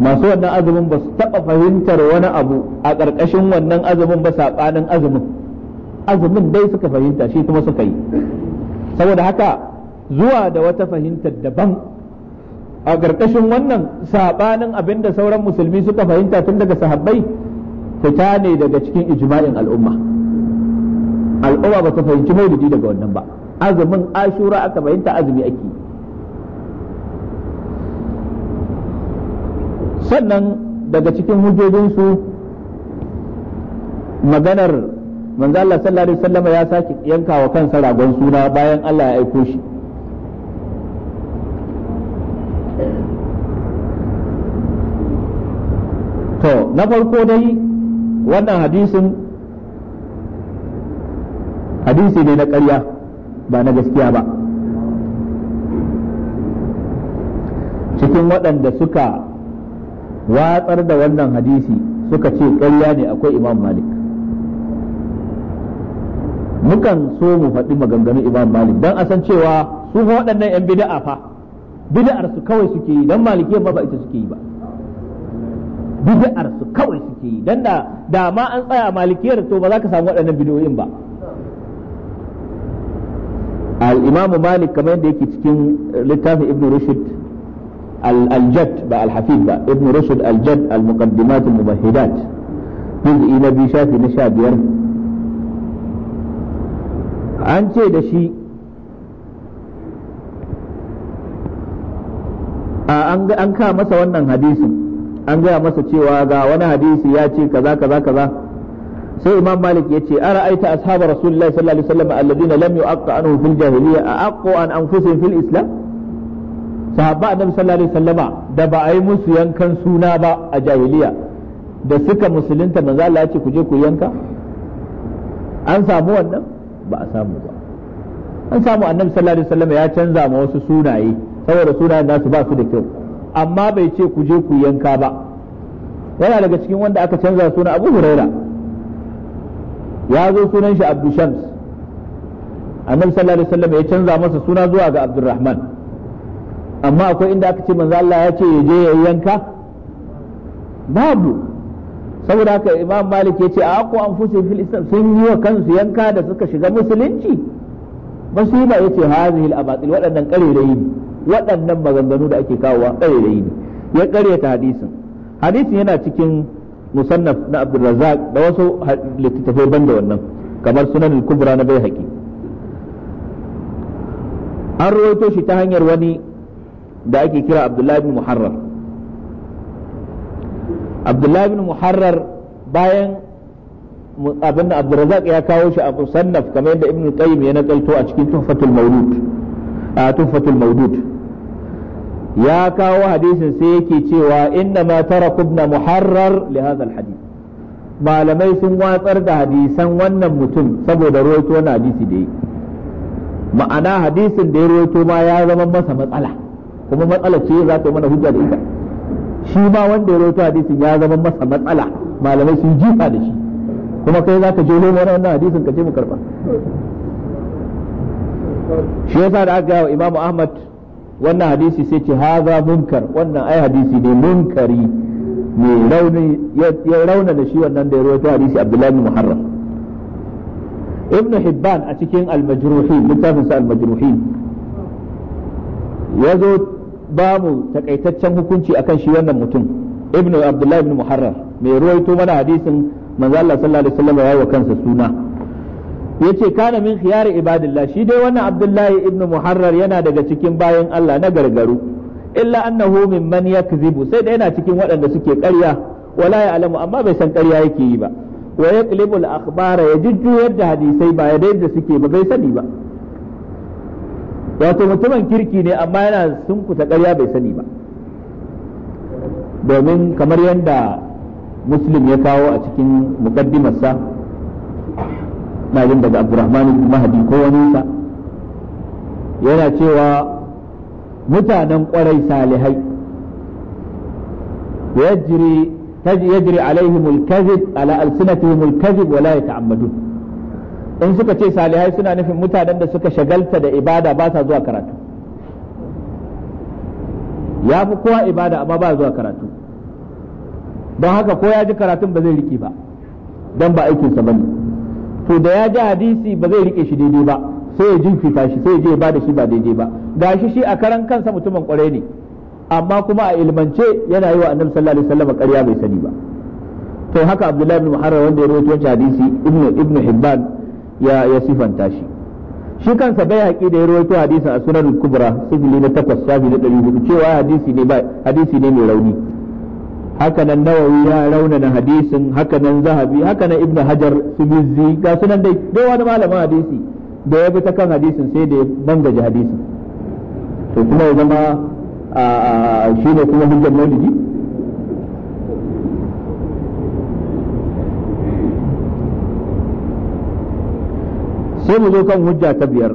masu wannan azumin ba su taɓa fahimtar wani abu a ƙarƙashin wannan azumin ba saɓanin azumin azumin dai suka fahimta shi kuma suka yi saboda haka zuwa da wata fahimtar daban a ƙarƙashin wannan saɓanin abin da sauran musulmi suka fahimta tun daga sahabbai fita ne daga cikin ijma'in al'umma al'umma ba ta fahimci maulidi daga wannan ba azumin ashura aka fahimta azumi ake sannan daga cikin hujjojinsu maganar manzo Allah sallallahu alaihi wasallam ya saki yanka wa kansa ragon suna bayan Allah ya aiko shi to na farko dai wannan hadisin hadisi ne na ƙarya ba na gaskiya ba cikin waɗanda suka watsar da wannan hadisi suka ce ƙarya ne akwai imam malik mukan so mu faɗi maganganun imam malik dan a san cewa su waɗannan yan bida'a fa bid'ar su kawai suke yi dan malikiyar ma ba ita suke yi ba bid'ar su kawai suke yi dan da dama ma an tsaya malikiyar to ba za ka samu waɗannan bid'o'in ba al-imam malik kamar yadda yake cikin littafin ibnu rushd al-jadd ba al-hafid ba ibnu rushd al-jadd al-muqaddimat al-mubahhidat juz'i na biyu shafi na sha biyar an ce da shi an ka masa wannan hadisin an gaya masa cewa ga wani hadisi ya ce kaza kaza kaza sai imam malik ya ce ara aita ashabu rasulullahi sallallahu alaihi wasallam alladina lam yu'aqqa anhu fil jahiliya a aqqu an anfusihim fil islam sahabba annabi sallallahu alaihi wasallama da ba a yi musu yankan suna ba a jahiliya da suka musulunta manzo Allah ya ce ku je ku yanka an samu wannan ba a samu ba an samu annabi sallallahu alaihi wasallam ya canza ma wasu sunaye saboda sunayen nasu ba su da kyau amma bai ce ku je ku yanka ba yana daga cikin wanda aka canza suna abu huraira ya zo sunan shi abdu shams annabi sallallahu alaihi wasallam ya canza masa suna zuwa ga abdurrahman amma akwai inda aka ce manzo Allah ya ce ya je ya yanka babu saboda haka imam malik ya ce a ko an fusi fil islam sun yi wa kansu yanka da suka shiga musulunci ba su yi ba ya ce hazihil abatil waɗannan ƙarerayi ne waɗannan maganganu da ake kawowa ƙarerayi ne ya ƙaryata hadisin hadisin yana cikin musannaf na abdulrazak da wasu littattafai banda wannan kamar sunan kubra na bai haƙi an rawaito shi ta hanyar wani da ake kira abdullahi bin muharram abdullahi bin muharrar bayan abin da abdurrazak ya kawo shi a musannaf kamar yadda ibnu qayyim ya nakalto a cikin tuhfatul mawlud a tuhfatul ya kawo hadisin sai yake cewa inna ma taraku ibn muharrar li hadha al hadith malamai sun watsar da hadisan wannan mutum saboda ruwaito wani hadisi da yi ma'ana hadisin da ya ruwaito ma ya zama masa matsala kuma matsala ce za ta mana hujja da ita shi ba wanda ya rawaito hadisin ya zama masa matsala malamai sun jifa da shi kuma kai za ka je nemo wannan hadisin ka je mu karba shi yasa da aka wa Imam Ahmad wannan hadisi sai ce haza munkar wannan ai hadisi ne munkari ne rauni ya rauna da shi wannan da ya rawaito hadisi Abdullahi bin Muharram ابن حبان a cikin al المجروحين littafin ba mu takaitaccen hukunci akan shi wannan mutum ibn abdullahi ibn muharrar mai ruwaito mana hadisin manzo Allah sallallahu alaihi wasallam yayi wa kansa suna yace kana min khiyar ibadillah shi dai wannan abdullahi ibn muharrar yana daga cikin bayan Allah na gargaru illa annahu mimman yakzibu sai da yana cikin waɗanda suke ƙarya wala ya alamu amma bai san ƙarya yake yi ba wa yaqlibul akhbara ya jujjuyar da hadisai ba ya da suke ba bai sani ba wato mutumin kirki ne amma yana sunkuta ƙarya bai sani ba domin kamar yadda muslim ya kawo a cikin muqaddimarsa na jin daga abdurrahman mahadi ko wani sa yana cewa mutanen ƙwarai salihai yajri yajri alaihim alkazib ala alsinatihim alkazib wala ya yata'ammadun in suka ce salihai suna nufin mutanen da suka shagalta da ibada ba sa zuwa karatu ya fi kowa ibada amma ba zuwa karatu don haka ko ya ji karatun ba zai riƙe ba don ba aikinsa ba ne to da ya ji hadisi ba zai riƙe shi daidai ba sai ya jinkita shi sai ya je ba da shi ba daidai ba gashi shi a karan kansa mutumin kwarai ne amma kuma a ilmance yana yi wa annabi sallallahu alaihi wasallam ƙarya bai sani ba to haka abdullahi bin muharrar wanda ya rawaito wancan hadisi ibnu ibnu hibban ya ya sifanta shi shi kansa bai haƙi da ya rawaito hadisin a sunan kubra sifili na takwas safi na ɗari hudu cewa hadisi ne hadisi ne mai rauni hakanan nawawi ya rauna raunana hadisin hakanan zahabi hakanan ibnu hajar subizzi ga sunan dai dai wani malamin hadisi da ya bi ta kan hadisin sai da ya bangaje hadisin to kuma ya zama shi ne kuma hujjar maulidi sai mu zo kan hujja ta biyar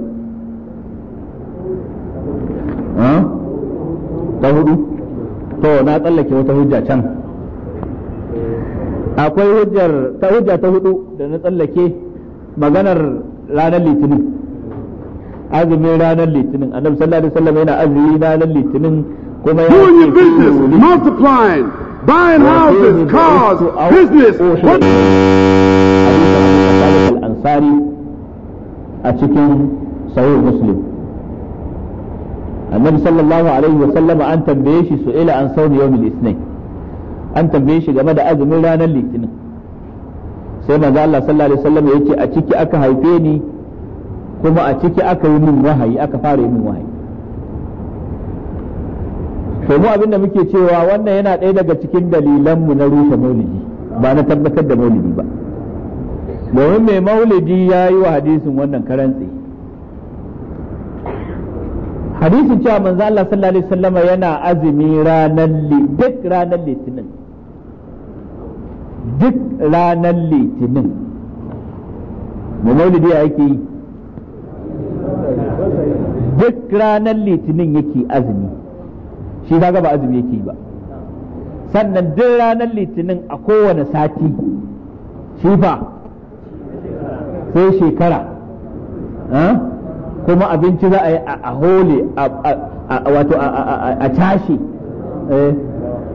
ta hudu to na tsallake wata hujja can akwai hujjar ta hujja ta hudu da na tsallake maganar ranar litinin azumin ranar litinin annabi sallallahu alaihi wasallam yana azumi ranar litinin kuma ya yi business multiplying buying houses cars business what a cikin sahih muslim annabi sallallahu alaihi wa sallama an tambaye shi su'ila an sawmi yawmil isnin an tambaye shi game da azumin ranar litinin sai manzo Allah sallallahu alaihi wasallam ce a ciki aka haife ni kuma a ciki aka yi min wahayi aka fara yi min wahayi to mu abinda muke cewa wannan yana ɗaya daga cikin dalilan mu na rufe maulidi ba na tabbatar da maulidi ba domin mai maulidi ya yi wa hadisin wannan karantsi hadisin cewa manzo Allah sallallahu alaihi wasallam yana azumi ranar duk ranar litinin duk ranar litinin mai maulidi ya yake yi duk ranar litinin yake azumi shi ba gaba azumi yake ba sannan duk ranar litinin a kowane sati shi fa Sai shekara eh, kuma abinci za a yi a hole wato a cashe eh,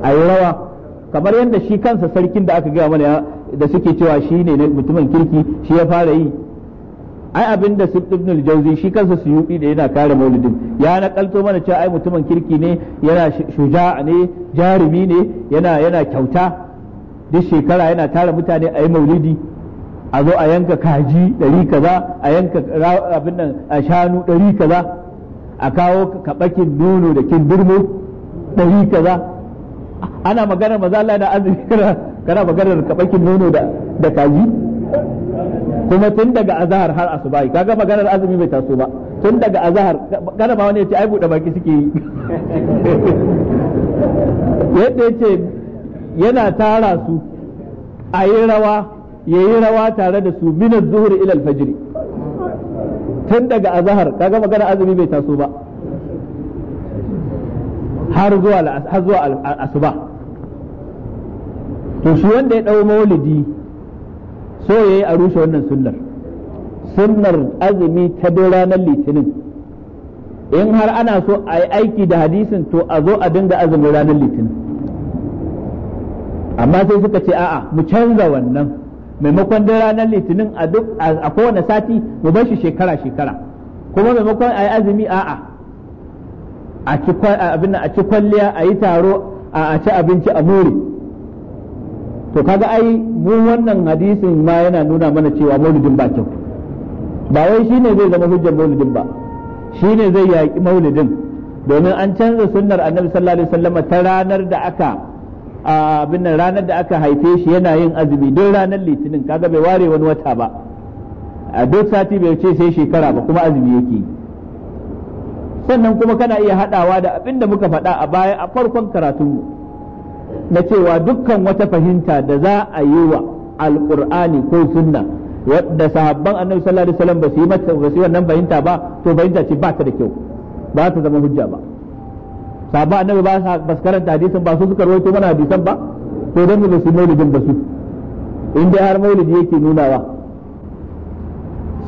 a yi rawa kamar yadda shi kansa sarkin da aka gaya mana da suke cewa shi ne mutumin kirki shi ya fara yi ai abin da ibn al-jawzi shi kansa su yubi da yana kare maulidin ya nakalto mana cewa ai mutumin kirki ne yana shuja'a ne jarumi ne yana yana kyauta duk shekara yana tara mutane a maulidi a zo a yanka kaji ɗari kaza a yanka abin nan a shanu ɗari kaza a kawo kaɓakin nono da kindirmo ɗari kaza ana maganar mazala da azumi kana maganar kaɓakin nono da kaji kuma tun daga azahar har asuba kaga maganar azumi bai taso ba tun daga azahar kana ma wani ya ce ai buɗe baki suke yi yadda ya ce yana tara su a yi rawa yayi rawa tare da su min az-zuhr ila al tun daga azhar kaga magana azumi bai taso ba har zuwa har zuwa asuba to shi wanda ya dawo maulidi so yayi a rushe wannan sunnar sunnar azumi ta ranar litinin in har ana so a yi aiki da hadisin to a zo a dinga azumin ranar litinin amma sai suka ce a'a mu canza wannan maimakon da ranar litinin a duk a kowane sati mu bar shi shekara shekara kuma maimakon a yi azumi a'a a ci a ci kwalliya a yi taro a ci abinci a more to kaga ai mu wannan hadisin ma yana nuna mana cewa maulidin ba kyau ba wai shine zai zama hujjar maulidin ba shine zai yaƙi maulidin domin an canza sunnar annabi sallallahu alaihi wasallam ta ranar da aka abin nan ranar da aka haife shi yana yin azumi don ranar litinin kaga bai ware wani wata ba a duk sati bai ce sai shekara ba kuma azumi yake sannan kuma kana iya hadawa da abin da muka faɗa a baya a farkon karatunmu na cewa dukkan wata fahimta da za a yi wa alkur'ani ko sunna wadda sahabban annabi sallallahu alaihi wasallam ba su yi wannan fahimta ba to fahimta ce ba ta da kyau ba ta zama hujja ba sabba annabi ba sa karanta hadisin ba su suka rawaito mana hadisan ba to dan ne su maulidin ba su in dai har maulidi yake ba.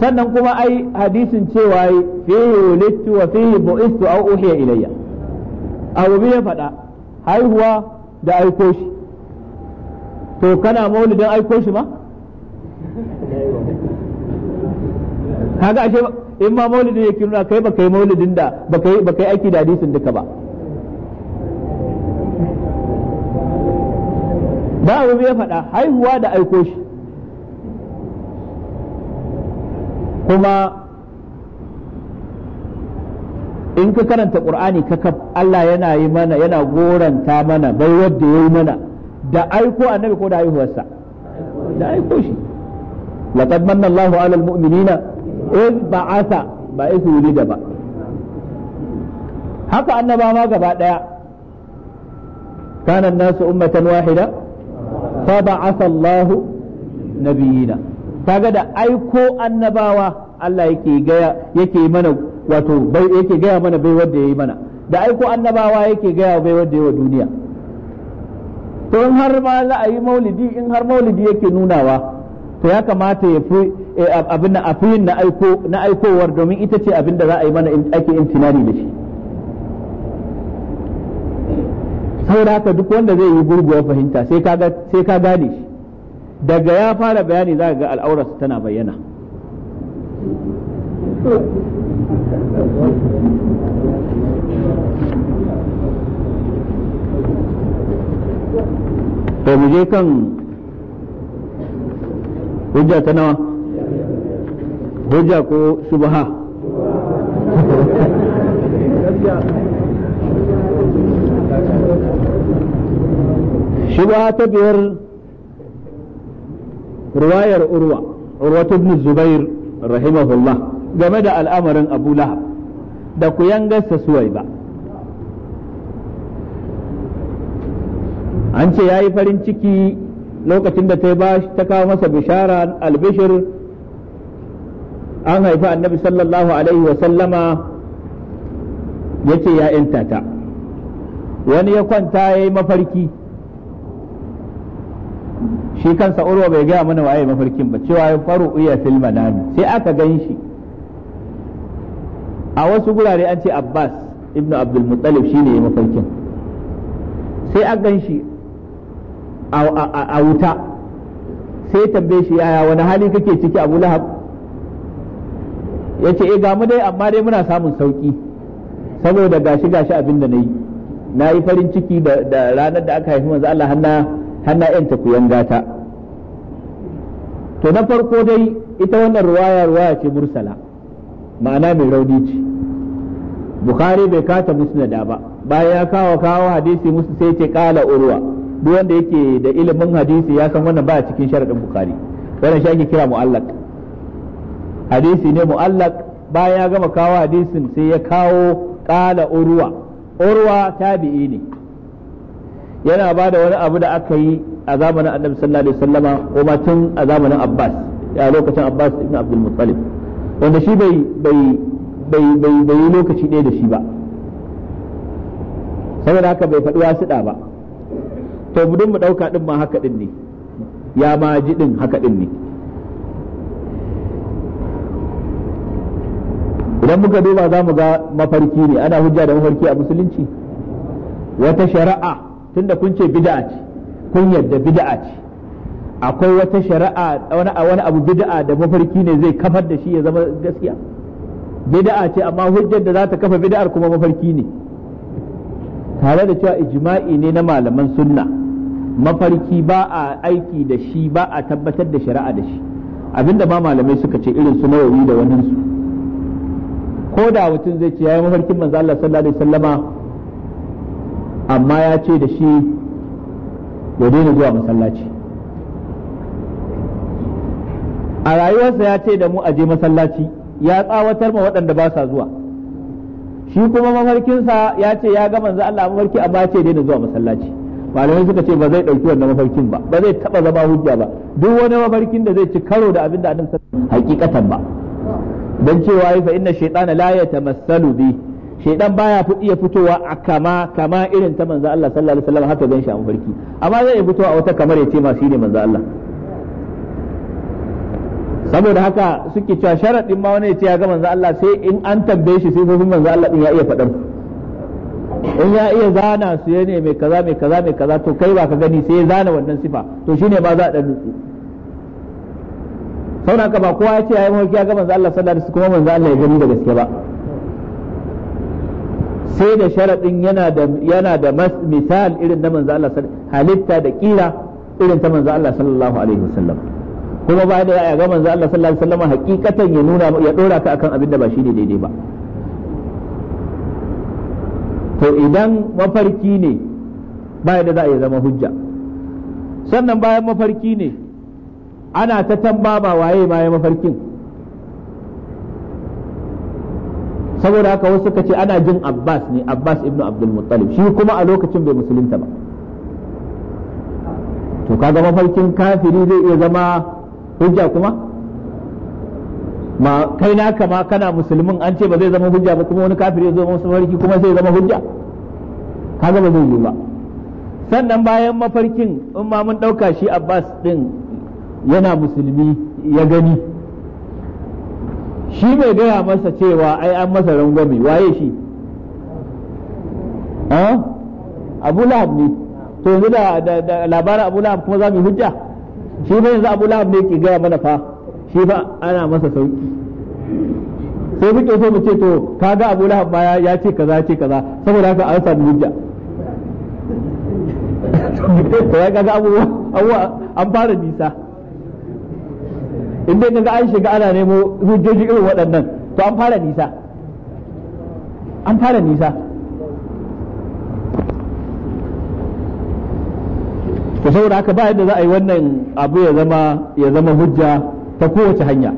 sannan kuma ai hadisin cewa yi fihi wulidtu wa fihi bu'istu aw uhiya ilayya abu bi ya faɗa haihuwa da aiko shi to kana maulidin aiko shi ma kaga ashe in ma maulidin yake nuna kai baka yi maulidin da baka yi aiki da hadisin duka ba ba mu ya faɗa haihuwa da aiko shi kuma in ka karanta qur'ani kaka Allah yana yi mana yana goranta mana bai wadda yi mana da aiko annabi ko da haihuwarsa da aiko shi laqad manna Allahu 'ala al-mu'minina id ba'atha ba isu da ba haka annaba ma gaba daya kana nasu ummatan wahida فبعث الله نبينا nabiyina kaga da aiko annabawa Allah yake gaya yake mana wato bai yake gaya mana bai wanda yayi mana da aiko annabawa yake gaya bai wanda yayi wa duniya to in har ma za a yi maulidi in har maulidi yake nunawa to ya kamata ya fi abin na afiyin na aikowar domin ita ce abin da za a yi mana ake intinari da shi saboda haka duk wanda zai yi gurguwar fahimta sai ka gane shi daga ya fara bayani za ga al'aurarsa tana bayyana to mu je kan hujja ta nawa hujja ko subha shubha ta biyar ruwayar urwa urwa ibn zubair rahimahullah game da al'amarin abu lahab da ku gasa suwai ba an ce ya yi farin ciki lokacin da ta ta kawo masa bishara albishir an haifi annabi sallallahu alaihi wasallama ya ce ya ‘yanta ta wani ya kwanta ya yi mafarki shi kansa urwa bai gaya mana waye mafarkin ba cewa ya faru iya fil manami sai aka gan shi a wasu gurare an ce abbas ibnu abdul muttalib shine ya mafarkin sai aka gan shi a wuta sai tambaye shi yaya wani hali kake ciki abu lahab ya ce eh, ga mu dai amma dai muna samun sauki saboda gashi gashi abin da na yi na yi farin ciki da ranar da aka haifi manzo Allah har hana yanta ku yanga ta to na farko dai ita wannan ruwaya ruwaya ce mursala ma'ana mai rauni ce bukhari bai kata musnada ba bayan ya kawo kawo hadisi musu sai ce kala urwa duk wanda yake da ilimin hadisi ya san wannan baya cikin sharadin bukhari wannan shi ake kira mu'allaq hadisi ne mu'allaq bayan ya gama kawo hadisin sai ya kawo kala urwa urwa tabi'i ne yana ba da wani abu da aka yi a zamanin annabi sallallahu alaihi wasallama ko ma tun a zamanin abbas ya lokacin abbas ibn abdul muttalib wanda shi bai bai bai bai bai lokaci ɗaya da shi ba saboda haka bai faɗi da ba to budin mu ɗauka ɗin ma haka ɗin ne ya ma ji ɗin haka ɗin ne idan muka duba za mu ga mafarki ne ana hujja da mafarki a musulunci wata shari'a tunda kun ce bid'a ce kun yadda bid'a ce akwai wata shari'a wani wani abu bid'a da mafarki ne zai kafar da shi ya zama gaskiya bid'a ce amma hujjar da za ta kafa bid'ar kuma mafarki ne tare da cewa ijma'i ne na malaman sunna mafarki ba a aiki da shi ba a tabbatar da shari'a da shi abinda ba malamai suka ce irin su nawawi da su ko da mutum zai ce yayi mafarkin manzo Allah sallallahu alaihi wasallama amma ya ce da shi ya daina zuwa masallaci a rayuwarsa ya ce da mu a je masallaci ya tsawatar ma waɗanda ba sa zuwa shi kuma mafarkinsa ya ce ya ga manzo Allah mafarki amma ya ce daina zuwa masallaci malamai suka ce ba zai ɗauki wannan mafarkin ba ba zai taɓa zama hujja ba duk wani mafarkin da zai ci karo da abin da annabi hakikatan ba dan cewa fa inna shaytana la yatamassalu masalubi dan baya iya fitowa a kama kama irin ta manzo Allah sallallahu alaihi wasallam haka gan shi a farki amma zai fito a wata kamar ya ce ma shine manzo Allah saboda haka suke cewa sharadin ma wani ya ce ya ga manzo Allah sai in an tambaye shi sai sifofin manzo Allah din ya iya fadar in ya iya zana su ne mai kaza mai kaza mai kaza to kai ba ka gani sai ya zana wannan sifa to shine ma za a dan nutsu saboda haka ba kowa ya ce ya yi mafarki ya ga manzo Allah sallallahu alaihi wasallam kuma manzo Allah ya gani da gaske ba sai da sharaɗin yana da misal irin na manzo Allah halitta da kira irin ta manzo Allah sallallahu alaihi wasallam kuma ba da ya ga manzo Allah sallallahu alaihi wasallam hakikatan ya nuna ya dora ka akan abin da ba shi ne daidai ba to idan mafarki ne ba da za a zama hujja sannan bayan mafarki ne ana ta tambaba waye ma ya mafarkin saboda haka wasu suka ce ana jin abbas ne abbas ibnu abdul muttalib shi kuma a lokacin bai musulunta ba to kaga mafarkin kafiri zai iya zama hujja kuma ma kai naka ma kana musulmin an ce ba zai zama hujja ba kuma wani kafiri zai zo mafarki kuma sai zama hujja kaga ba zai yi ba sannan bayan mafarkin in ma mun dauka shi abbas din yana musulmi ya gani shi bai gaya masa cewa ai an masa rangwame waye shi abu lahab ne to yanzu da labarin abu lahab kuma za mu hujja shi ba yanzu abu lahab ne ke gaya mana fa shi fa ana masa sauki sai muke so mu ce to kaga abu lahab ma ya ce kaza ya ce kaza saboda haka an samu hujja to ya kaga abubuwa an fara nisa in dai kaga an shiga ana nemo hujjoji irin waɗannan to an fara nisa an fara nisa to saboda haka ba yadda za a yi wannan abu ya zama ya zama hujja ta kowace hanya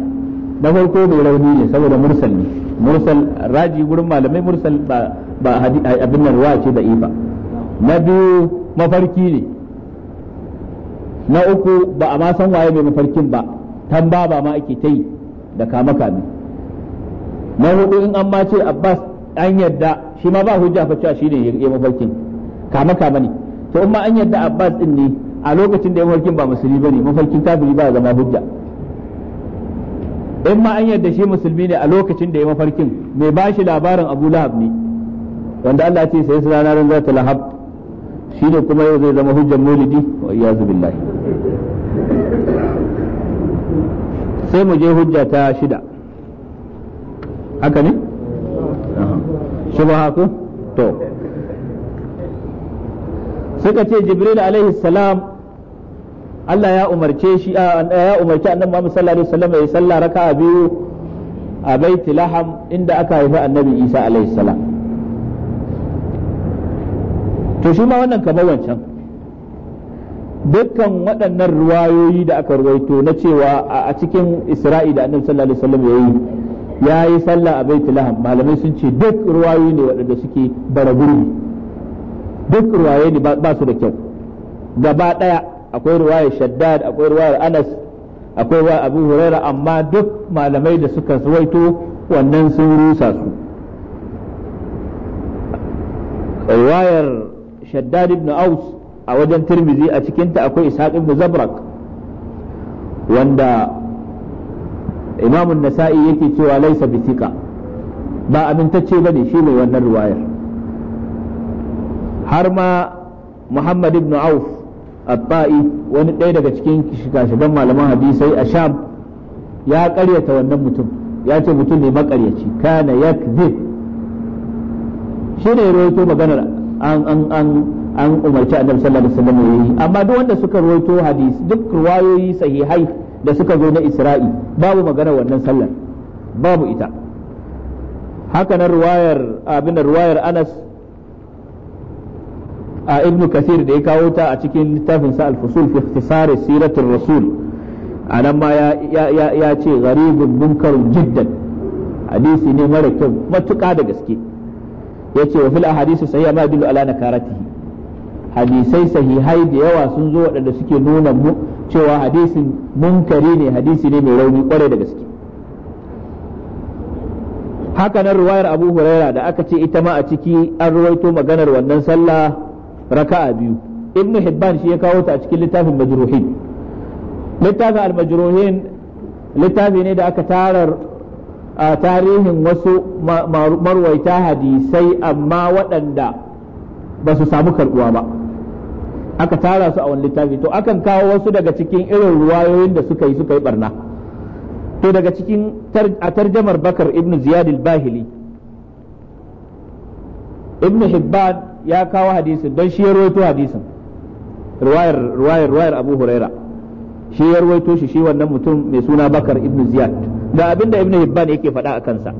na farko mai rauni ne saboda mursal ne mursal raji gurin malamai mursal ba ba abin nan ruwa ce da ifa na biyu mafarki ne na uku ba a ma san waye mai mafarkin ba tamba ba ma ake ta yi da kama kame na hudu in an ma ce abbas an yadda shi ma ba hujja fa cewa shine ya mafarkin kama kama ne to in ma an yadda abbas din ne a lokacin da ya mafarkin ba musulmi bane mafarkin kafiri ba zama hujja in ma an yadda shi musulmi ne a lokacin da ya mafarkin mai bashi labarin abu lahab ne wanda Allah ce sai ranar ran zata lahab shi ne kuma yau zai zama hujjar maulidi wa iyazu billahi sai mu je hujja ta shida haka ne shubha ko to suka ce jibril alaihi salam Allah ya umarce shi ya umarci annabi Muhammad sallallahu alaihi wasallam ya salla raka'a biyu a baiti laham inda aka haifi annabi Isa alaihi salam to shi ma wannan kamar wancan dukkan waɗannan ruwayoyi da aka ruwaito na cewa a cikin isra'i da annabi sallallahu alaihi wasallam yayi ya yi sallah a baitul laham malamai sun ce duk ruwayoyi ne waɗanda suke bara duk ruwayoyi ne ba su da kyau gaba ɗaya akwai ruwayar shaddad akwai ruwayar anas akwai ruwaya abu huraira amma duk malamai da suka ruwaito wannan sun rusa su ruwayar shaddad ibn aus a wajen tirmizi a cikinta akwai ishaq ibn zabrak wanda imamun nasa'i yake cewa laisa bisika ba amintacce ba ne shi mai wannan ruwayar. har ma muhammad ibn auf abba'i wani ɗaya daga cikin shiga malaman hadisai a sham ya ƙaryata wannan mutum ya ce mutum ne makaryaci kana zai? shi ne to maganar an an an an umarci annabi sallallahu alaihi wasallam yayi amma duk wanda suka rawaito hadis duk riwayoyi sahihai da suka zo na Isra'i babu magana wannan sallar babu ita haka nan riwayar abin riwayar Anas a ibnu Kathir da ya kawo ta a cikin littafin sa al-fusul fi ikhtisari siratul rasul anan ma ya ya ya ce gharibun munkarun jiddan hadisi ne mara kyau matuƙa da gaske yace wa fil ahadisi sahih ma yadullu ala nakaratihi hadisai sahihai da yawa sun zo waɗanda suke nuna mu cewa hadisin munkari ne hadisi ne mai rauni kwarai da gaske haka nan ruwayar abu huraira da aka ce ita ma a ciki an ruwaito maganar wannan sallah raka'a biyu ibnu hibban shi ya kawo ta a cikin littafin majruhin littafin al-majruhin littafi ne da aka tarar a tarihin wasu marwaita hadisai amma waɗanda ba su samu karɓuwa ba aka tara su a wani littafi to akan kawo wasu daga cikin irin ruwayoyin da suka yi suka yi barna to daga cikin a tarjamar bakar ibn ziyad al-bahili ibn hibban ya kawo hadisin don shi ya rawaito hadisin ruwayar ruwayar ruwayar abu huraira shi ya rawaito shi shi wannan mutum mai suna bakar ibn ziyad da abinda ibn hibban yake faɗa a kansa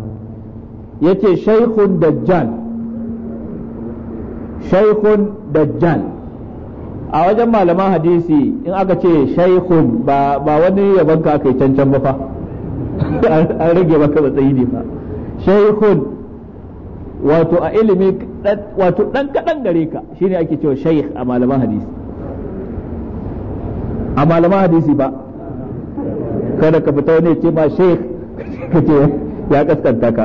yace shaykhun dajjal shaykhun dajjal a wajen malaman hadisi in aka ce shaikhun ba wani yaban ka aka yi cancan ba fa an rage maka matsayi ne fa shaikhun wato a ilimi wato dan kadan gare ka shine ake cewa shaikh a malaman hadisi a malaman hadisi ba kada ka fita wani ce ma sheikh ka ce ya kaskanta ka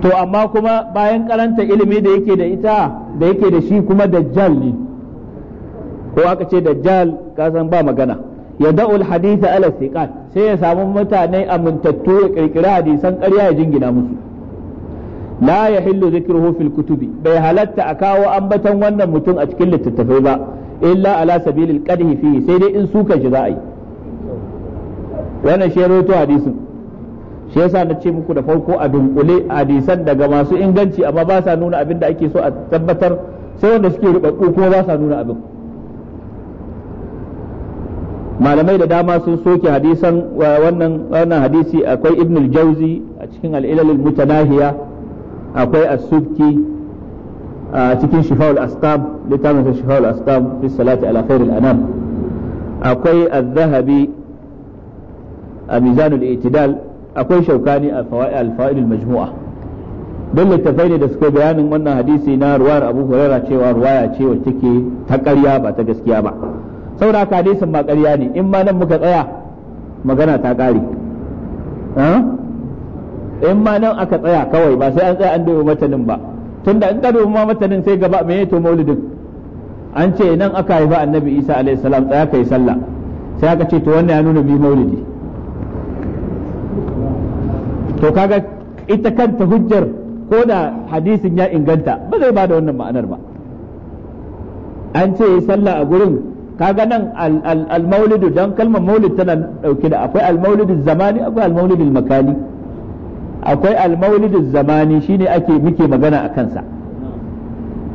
to amma kuma bayan karanta ilimi da yake da ita da yake da shi kuma dajjal ne ko aka ce dajjal kasan ba magana ya da'ul haditha ala siqat sai ya samu mutane amintattu ya kirkira hadisan ƙarya ya jingina musu la yahillu dhikruhu fil kutubi bai halatta a kawo ambaton wannan mutum a cikin littattafai ba illa ala sabilil qadhi fihi sai dai in suka shi za a yi wannan shi ya hadisin shi yasa na ce muku da farko a dunkule hadisan daga masu inganci amma ba sa nuna abin da ake so a tabbatar sai wanda suke rubabbu kuma ba sa nuna abin malamai da dama sun soke hadisan wannan wannan hadisi akwai ibn al-jawzi a cikin al-ilal al-mutanahiya akwai as-subki a cikin shifaul asqam littafin al asqam fi salati ala al anam akwai az-zahabi a mizanul itidal akwai shaukani al-fawaid al-majmu'a don littafai ne da suka bayanin wannan hadisi na ruwayar abu huraira cewa ruwaya ce wacce take ta ƙarya ba ta gaskiya ba saboda haka hadisin ba ƙarya ne in ma nan muka tsaya magana ta ƙare in ma nan aka tsaya kawai ba sai an tsaya an dubi matanin ba tunda in ka dubi ma matanin sai gaba me to maulidin an ce nan aka haifa annabi isa alaihi salam tsaya kai sallah sai aka ce to wannan ya nuna bi maulidi to kaga ita kanta hujjar ko da hadisin ya inganta ba zai bada wannan ma'anar ba an ce yi sallah a gurin kaga nan al-maulidu dan kalmar maulid tana dauke da akwai al-maulidu zamani akwai al-maulidu makani akwai al-maulidu zamani shine ake muke magana a kansa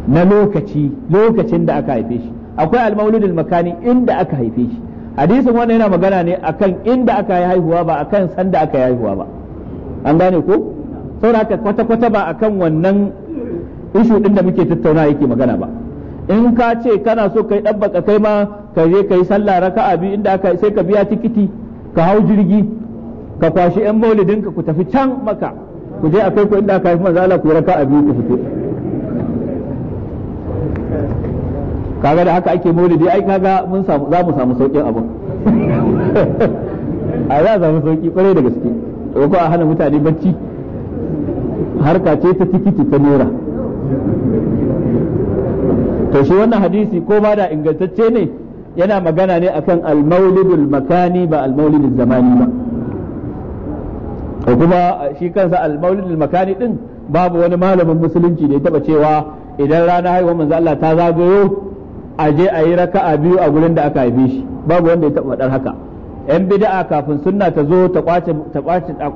na lokaci lokacin da aka haife shi akwai al-maulidu makani inda aka haife shi hadisin wannan yana magana ne akan inda aka yi haihuwa ba akan sanda aka yi haihuwa ba an gane ko saboda kwata-kwata ba akan wannan ishu din da muke tattauna yake magana ba in ka ce kana so kai ɗabbaka kai ma ka je kai sallah raka'a biyu inda aka sai ka biya tikiti ka hau jirgi ka kwashi yan maulidin ka ku tafi can maka ku je akai ku inda aka yi manzo Allah ku raka'a biyu ku fito kaga da haka ake maulidi ai kaga mun samu za mu samu saukin abin a za mu sauki kwarai da gaske ko a hana mutane bacci harka ce ta tikiti ta nora to shi wannan hadisi ko ba da ingantacce ne yana magana ne akan almaulidul makani ba almaulidul zamani ba ko kuma shi kansa almaulidul makani din babu wani malamin musulunci da ya taba cewa idan rana haihuwar manzo Allah ta zagayo a je a yi raka'a biyu a gurin da aka haife shi babu wanda ya taba faɗar haka yan bida'a kafin sunna ta zo ta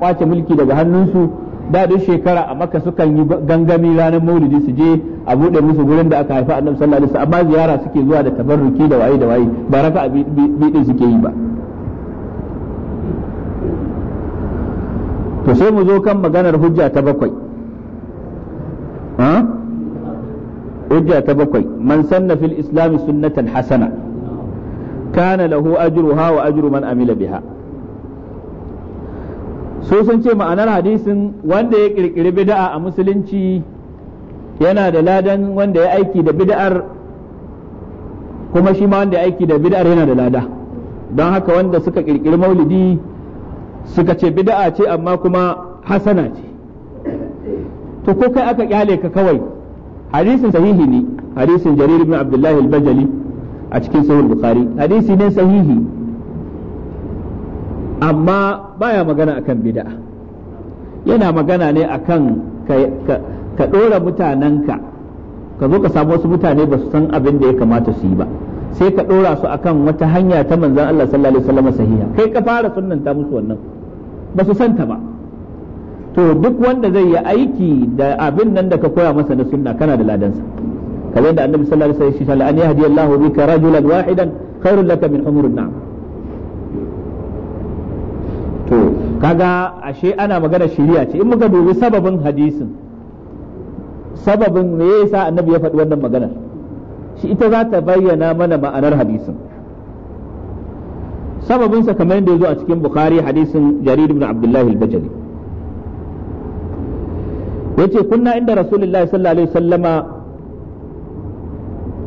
kwace mulki daga hannunsu da duk shekara a maka sukan yi gangami ranar maulidi su je a bude musu gurin da aka haifa annabi sallallahu alaihi wasallam amma ziyara suke zuwa da tabarruki da waye da waye ba raka bidin suke yi ba to sai mu zo kan maganar hujja ta bakwai hujja ta bakwai man sanna fil islam sunnatan hasana kana lahu ajruha wa ajru man amila biha so sun ce ma'anar hadisin wanda ya kirkiri bid'a a musulunci yana da ladan wanda ya aiki da bid'ar kuma shi ma wanda ya aiki da bid'ar yana da lada don haka wanda suka kirkiri maulidi suka ce bid'a ce amma kuma hasana ce to ko kai aka kyale ka kawai hadisin sahihi ne hadisin jarir ibn abdullahi al-bajali a cikin sahihul bukhari hadisi ne sahihi amma baya magana akan bid'a yana magana ne akan ka ɗora mutananka ka zo ka samu wasu mutane ba su san abin da ya kamata su yi ba sai ka ɗora su akan wata hanya ta manzon Allah sallallahu alaihi wasallam sahiha kai ka fara sunnanta musu wannan ba su santa ba to duk wanda zai yi aiki da abin nan da ka koya masa na sunna kana da ladansa kamar da annabi sallallahu alaihi wasallam ya ce an yahdi Allahu bi rajulan wahidan khairul laka min umrun na'am to kaga ashe ana magana shari'a ce in muka dubi sababin hadisin sababin me yasa annabi ya faɗi wannan maganar shi ita za ta bayyana mana ma'anar hadisin sababin sa kamar yadda zo a cikin bukhari hadisin jarir ibn abdullahi al-bajali yace kunna inda rasulullahi sallallahu alaihi wasallama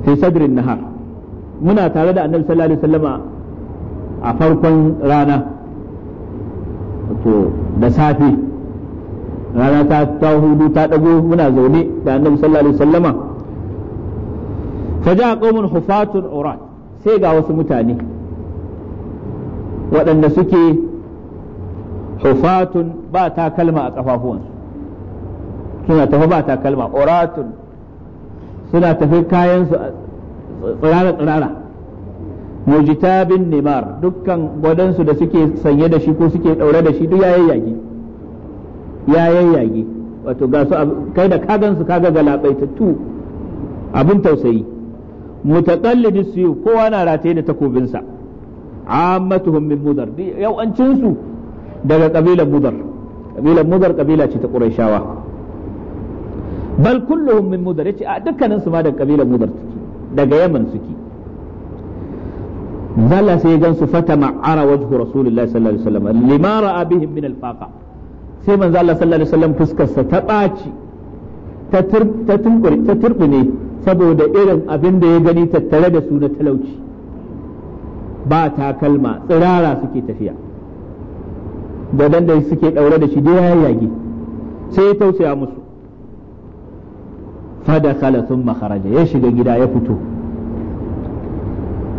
fi sadrin nahar muna tare da annabi sallallahu alaihi wasallama a farkon rana to da safe rana ta ta hudu ta dago muna zaune da annabi sallallahu alaihi wasallama faja qaumun hufatun urat sai ga wasu mutane waɗanda suke hufatun ba takalma a kafafuwansu suna tafi ba takalma uratun suna tafi kayan su tsirara tsirara mujtabin nimar dukkan su da suke sanye da shi ko suke daure da shi duk yayin yage yayin yage wato ga su kai da kagan su kaga galabaitattu abin tausayi mutaqallidi su kowa na rataye da takobinsa ammatuhum min mudar yawancin su daga kabilan mudar kabilan mudar kabila ce ta qurayshawa bal kulluhum min mudar yace a dukkanin ma daga kabilar mudar suke daga yaman suke zalla sai gan su fata ma'ara wajhu rasulullahi sallallahu alaihi wasallam lima ra'a bihim sai manzo Allah sallallahu alaihi wasallam ta baci ta tunkuri ta saboda irin abin da ya gani tattare da su na talauci ba takalma tsirara suke tafiya da dan suke da shi yayyage sai ya tausaya musu fadakhala sun makaraja ya shiga gida ya fito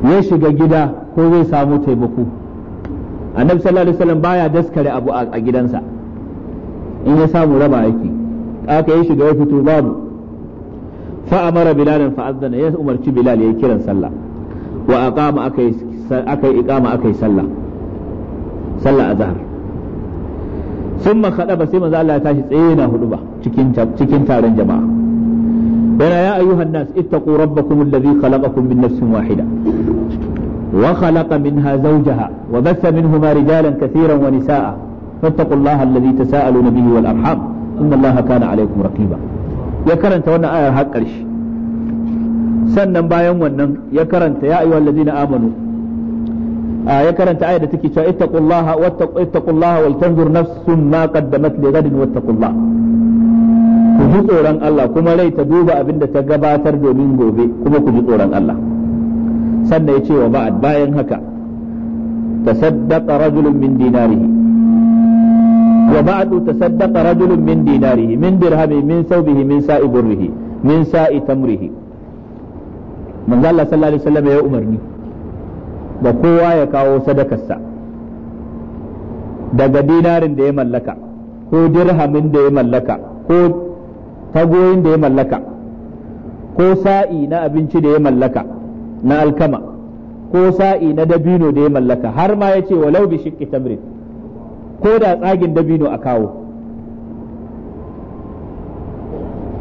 ya shiga gida ko zai samu taimako annabi sallallahu alaihi wasallam baya daskare abu a gidansa in ya samu raba yake aka ya shiga ya fito babu fa amara bilalan fa azzana ya umarci bilal yayi kiran sallah wa aqama aka yi iqama akai sallah sallah azhar summa khadaba sai manzo Allah ya tashi tsaye na hudu ba cikin cikin taron jama'a yana ya ayyuhan nas ittaqu rabbakum alladhi khalaqakum min nafsin wahida wa khalaqa minha zawjaha wa batha minhuma rijalan katiran wa nisaa fattaqu allaha alladhi bihi wal arham inna allaha kana alaykum ya karanta wannan ayar har karshe sannan bayan wannan ya karanta ya ayyuhal ladina amanu ya karanta ayar da take cewa ittaqullaha wattaqullaha nafsun ma qaddamat ji tsoron Allah kuma rai ta duba abin da ta gabatar domin gobe kuma ku ji tsoron Allah sannan ya ce wa ba'ad bayan haka ta saddaka rajulun min dinarihi wa ta saddaka rajulun min dinarihi min dirhami min saubihi min sa'i burrihi min sa'i tamrihi manzo Allah sallallahu alaihi wasallam ya umarni da kowa ya kawo sadakarsa daga dinarin da ya mallaka ko dirhamin da ya mallaka ko tagoyin da ya mallaka ko sa'i na abinci da ya mallaka na alkama ko sa'i na dabino da ya mallaka har ma ya ce walau bi shiqqi tamrin ko da tsagin dabino a kawo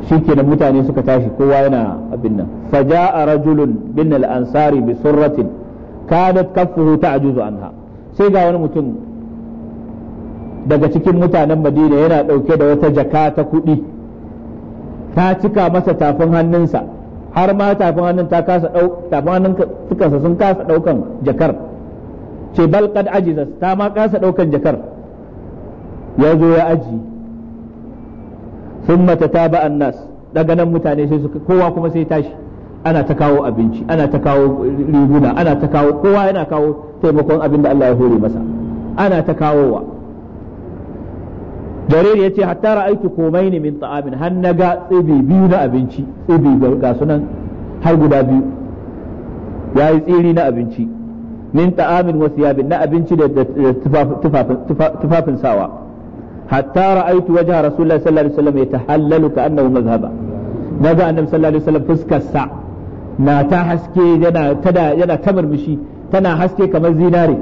shikenan mutane suka tashi kowa yana abin nan faja'a rajulun bin al-ansari bi surratin kanat kaffuhu ta'juzu anha sai ga wani mutum daga cikin mutanen Madina yana dauke da wata jaka ta kuɗi ta cika masa tafin hannunsa har ma tafin hannun ta kasa tafin hannun tukansa sun kasa daukan jakar ce bal kad ajizas ta ma kasa daukan jakar ya zo ya aji ta tataba annas daga nan mutane sai suka kowa kuma sai tashi ana ta kawo abinci ana ta kawo riguna ana ta kawo kowa yana kawo taimakon abin da Allah ya hore masa ana ta kawowa jarir ya ce hatta ra'aitu komai ne min ta'amin har na ga tsibi biyu na abinci tsibi ga sunan har guda biyu ya yi tsiri na abinci min ta'amin na abinci da tufafin sawa hatta ra'aitu wajen rasulullahi sallallahu alaihi wasallam yatahallalu ka annahu mazhaba naga annabi sallallahu alaihi wasallam fuskar sa na ta haske yana ta murmushi tana haske kamar zinare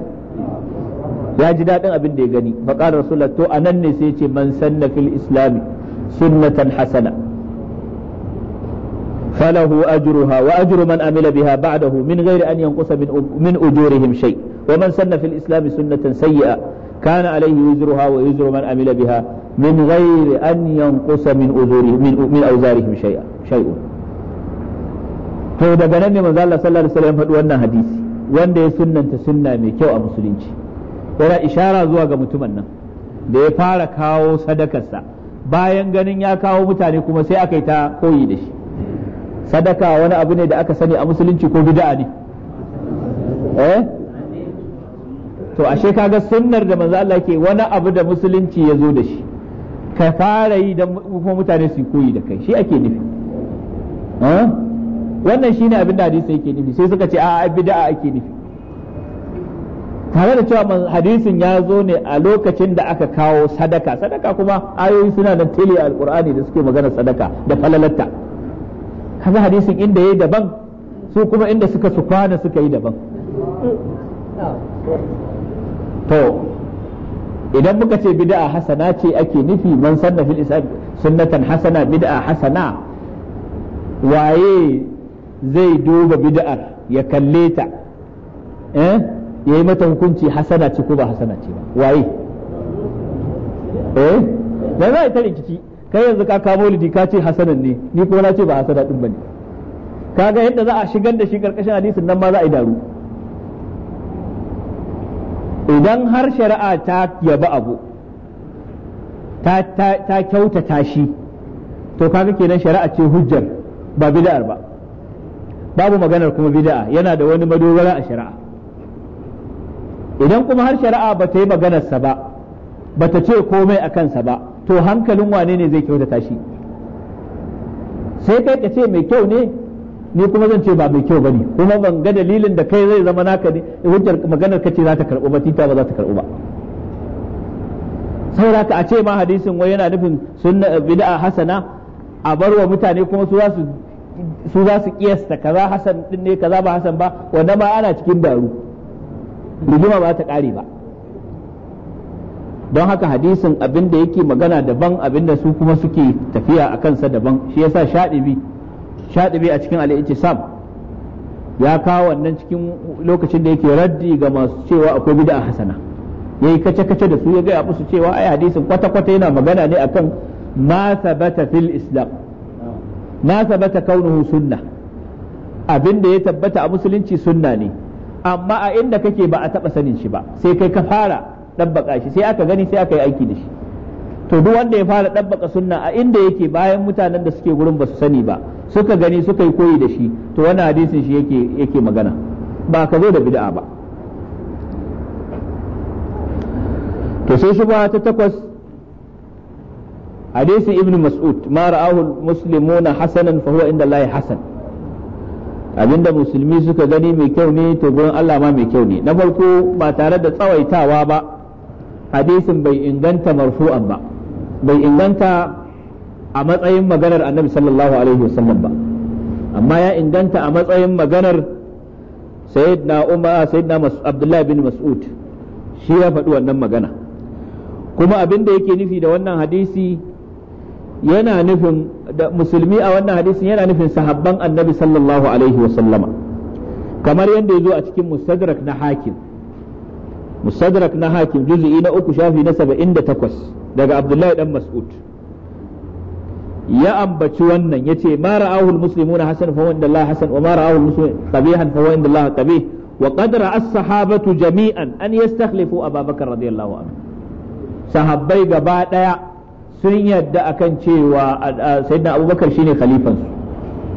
ya ji daɗin abin da ya gani fa qala to a nan ne sai ce man sanna fil islam sunnatan hasana falahu ajruha wa ajru man amila biha ba'dahu min ghairi an yanqusa min min ujurihim shay wa man sanna fil islam sunnatan sayyi'a kana alayhi wizruha wa wizru man amila biha min ghairi an yanqusa min ujurihim min min awzarihim shay'a shay'un to daga nan ne manzo Allah sallallahu alaihi wasallam faɗi wannan hadisi wanda ya sunnanta sunna mai kyau a musulunci yana ishara zuwa ga mutumin nan da ya fara kawo sadakarsa bayan ganin ya kawo mutane kuma sai aka yi ta koyi da shi sadaka wani abu ne da aka sani a musulunci ko bid'a ne eh to ashe kaga sunnar da manzo Allah ke wani abu da musulunci ya zo da shi ka fara yi da kuma mutane su koyi da kai shi ake nufi eh? wannan shine abin da hadisi yake nufi sai suka ce a bid'a ake nufi tare da cewa hadisin ya zo ne a lokacin da aka kawo sadaka sadaka kuma ayoyi suna da tele alkur'ani da suke magana sadaka da falalatta kaga hadisin inda yayi daban su kuma inda suka su kwana suka yi daban to idan muka ce bid'a hasana ce ake nufi man sanna fil islam sunnatan hasana bid'a hasana waye zai duba bid'ar ya kalle ta eh yayi mata hukunci hasana ce ko ba hasana ce ba waye eh a zai ta rikici kai yanzu ka kamo lidi ka ce hasanan ne ni kuma na ce ba hasana din bane kaga yadda za a shigar da shi karkashin hadisin nan ma za a yi daru idan har shari'a ta yaba abu ta ta kyautata shi to kaga kenan shari'a ce hujjar ba bid'ar ba babu maganar kuma bid'a yana da wani madogara a shari'a idan kuma har shari'a ba ta yi maganarsa ba ba ta ce komai a kansa ba to hankalin wane ne zai kyautata shi sai kai ka ce mai kyau ne ni kuma zan ce ba mai kyau ba ne kuma ban ga dalilin da kai zai zama naka ne hujjar maganar ka ce za ta karɓu ba tita ba za ta karɓu ba saboda ka a ce ma hadisin wai yana nufin sunna bid'a hasana a bar wa mutane kuma su za su su za su kiyasta kaza hasan din ne kaza ba hasan ba wanda ma ana cikin daru rigima ba ta ƙare ba don haka hadisin abin da yake magana daban abin da su kuma suke tafiya a kansa daban shi yasa shaɗibi shaɗibi a cikin sam ya kawo wannan cikin lokacin da yake raddi ga masu cewa akwai bid'a hasana ya yi kace kace da su ya gaya musu cewa ai hadisin kwata kwata yana magana ne akan ma sabata fil islam ma sabata kaunuhu sunna abin da ya tabbata a musulunci sunna ne amma a inda kake ba a taba sanin shi ba sai kai ka fara dabbaka shi sai aka gani sai aka yi aiki da shi to duk wanda ya fara dabbaka sunna a inda yake bayan mutanen da suke gurin ba su sani ba suka gani suka yi koyi da shi to wannan hadisin shi yake yake magana ba ka zo da bid'a ba to sai shi ba ta takwas hadisin ibnu mas'ud ma ra'ahu muslimuna hasanan fa huwa inda Allah hasan abinda musulmi suka gani mai kyau ne to gurin Allah ma mai kyau ne na farko ba tare da tsawaitawa ba hadisin bai inganta marfu'an ba bai inganta a matsayin maganar annabi sallallahu alaihi wasallam ba amma ya inganta a matsayin maganar sayyidina umar sayyidina abdullahi bin mas'ud shi ya faɗi wannan magana kuma abin da yake nufi da wannan hadisi yana nufin da musulmi a wannan hadisin yana nufin sahabban annabi sallallahu alaihi wa sallama kamar yadda ya zo a cikin mustadrak na hakim mustadrak na hakim juz'i na uku shafi na saba'in da takwas daga abdullahi dan mas'ud ya ambaci wannan ya ce ma ra'ahu al-muslimuna hasan fa wanda Allah hasan wa ma ra'ahu al-muslimun qabihan fa wanda Allah qabih wa qad ra'a as-sahabatu jami'an an yastakhlifu Abu Bakar radiyallahu anhu sahabbai gaba daya sun yadda akan cewa da abubakar shine khalifansu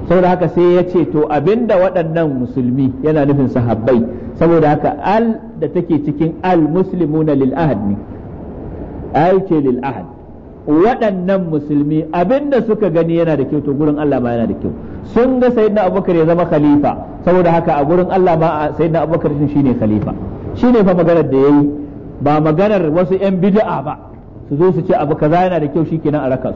saboda haka sai ya ce to abinda waɗannan musulmi yana nufin sahabbai saboda haka al da take cikin al muslimuna lil ahad ne ai ce lil ahad waɗannan musulmi abinda suka gani yana da kyau to gurin Allah ma yana da kyau sun ga da abubakar ya zama khalifa saboda haka a gurin Allah ma da abubakar shine khalifa shine fa maganar da yayi ba maganar wasu yan bid'a ba su zo su ce abu kaza yana da kyau shikenan a raka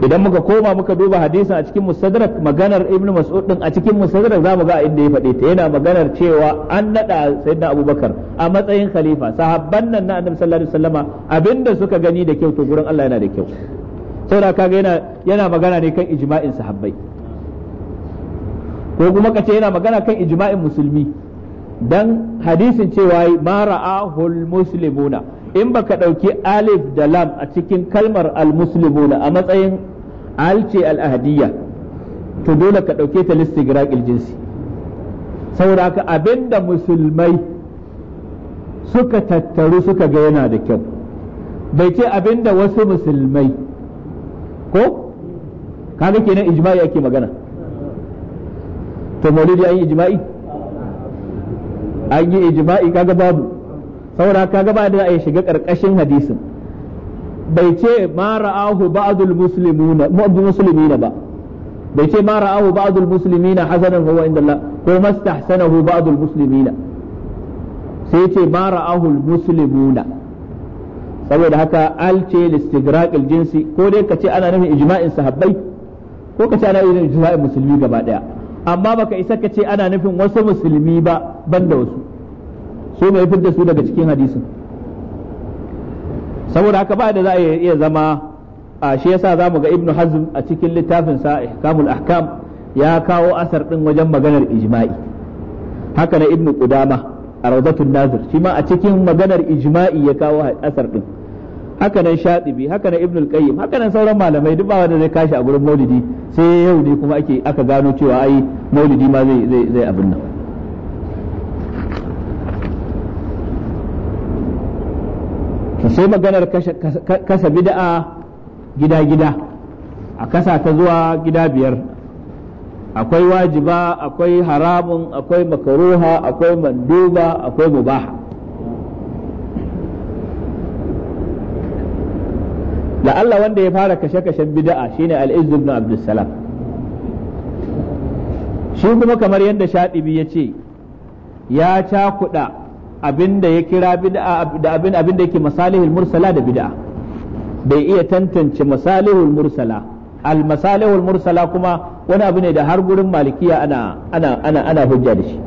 su idan muka koma muka duba hadisin a cikin musadrak maganar ibn mas'ud din a cikin musadrak mu ga inda ya faɗe ta yana maganar cewa an nada sayyidina abubakar a matsayin khalifa sahabban nan na annabi sallallahu alaihi wasallama abinda suka gani da kyau to gurin Allah yana da kyau saboda kaga yana yana magana ne kan ijma'in sahabbai ko kuma kace yana magana kan ijma'in musulmi dan hadisin cewa ma ra'ahul muslimuna in baka ɗauki alif da lam a cikin kalmar al-muslimuna a matsayin alce al-ahdiyya to dole ka ɗauke ta listigraqil jinsi saboda ka abinda musulmai suka tattaru suka ga yana da kyau bai ce abinda wasu musulmai ko kaga kenan ijma'i ake magana to maulidi an yi ijma'i an yi ijma'i kaga babu saboda kaga ba da a shiga karkashin hadisin bai ce ma ra'ahu ba'dul muslimuna muslimina ba bai ce ma ra'ahu ba'dul muslimina hasanan huwa inda Allah ko mastahsanahu ba'dul muslimina sai ce ma ra'ahu muslimuna saboda haka al ce listigraq jinsi ko dai ce ana nufin ijma'in sahabbai ko kace ana nufin ijma'in musulmi gaba daya amma baka isa ka ce ana nufin wasu musulmi ba ban da wasu su mai fitar da su daga cikin hadisin saboda haka ba da za a iya zama a shi yasa za mu ga ibnu hazm a cikin littafin sa ihkamul ahkam ya kawo asar din wajen maganar ijma'i haka na ibnu qudama a rawdatul nazir shi ma a cikin maganar ijma'i ya kawo asar din haka nan shaɗibi haka nan ibnul qayyim haka nan sauran malamai duk ba wanda zai kashi a gurin maulidi sai yau ne kuma ake aka gano cewa ai maulidi ma zai zai zai abin nan sai maganar kasa bid'a gida-gida a kasa ta zuwa gida biyar akwai wajiba akwai haramun akwai makaruha akwai manduba akwai mubaha la Allah wanda ya fara kashe-kashen bid'a shine al-Izz ibn Abdussalam shi kuma kamar yadda Shadibi ya ce ya cakuɗa abinda ya kira bid'a da abin abinda yake masalihul mursala da bid'a bai iya tantance masalihul mursala al-masalihul mursala kuma wani abu ne da har gurin malikiya ana ana ana ana hujja da shi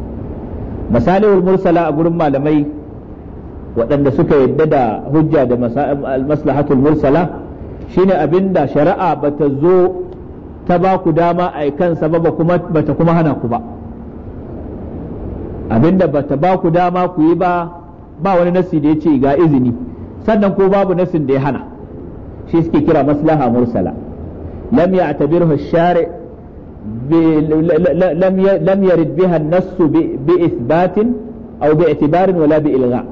masalihul mursala a gurin malamai waɗanda suka yadda da hujja da maslahatul mursala shine abin da shari'a bata zo ta ba ku dama a kansa ba kuma bata kuma hana ku ba abin da bata ba ku dama ku yi ba ba wani nasi da ya ce ga izini sannan ko babu nasin da ya hana shi suke kira maslaha mursala lam ya'tabirhu ash-shari' lam yarid biha nassu bi ithbatin aw bi i'tibarin wala bi ilgha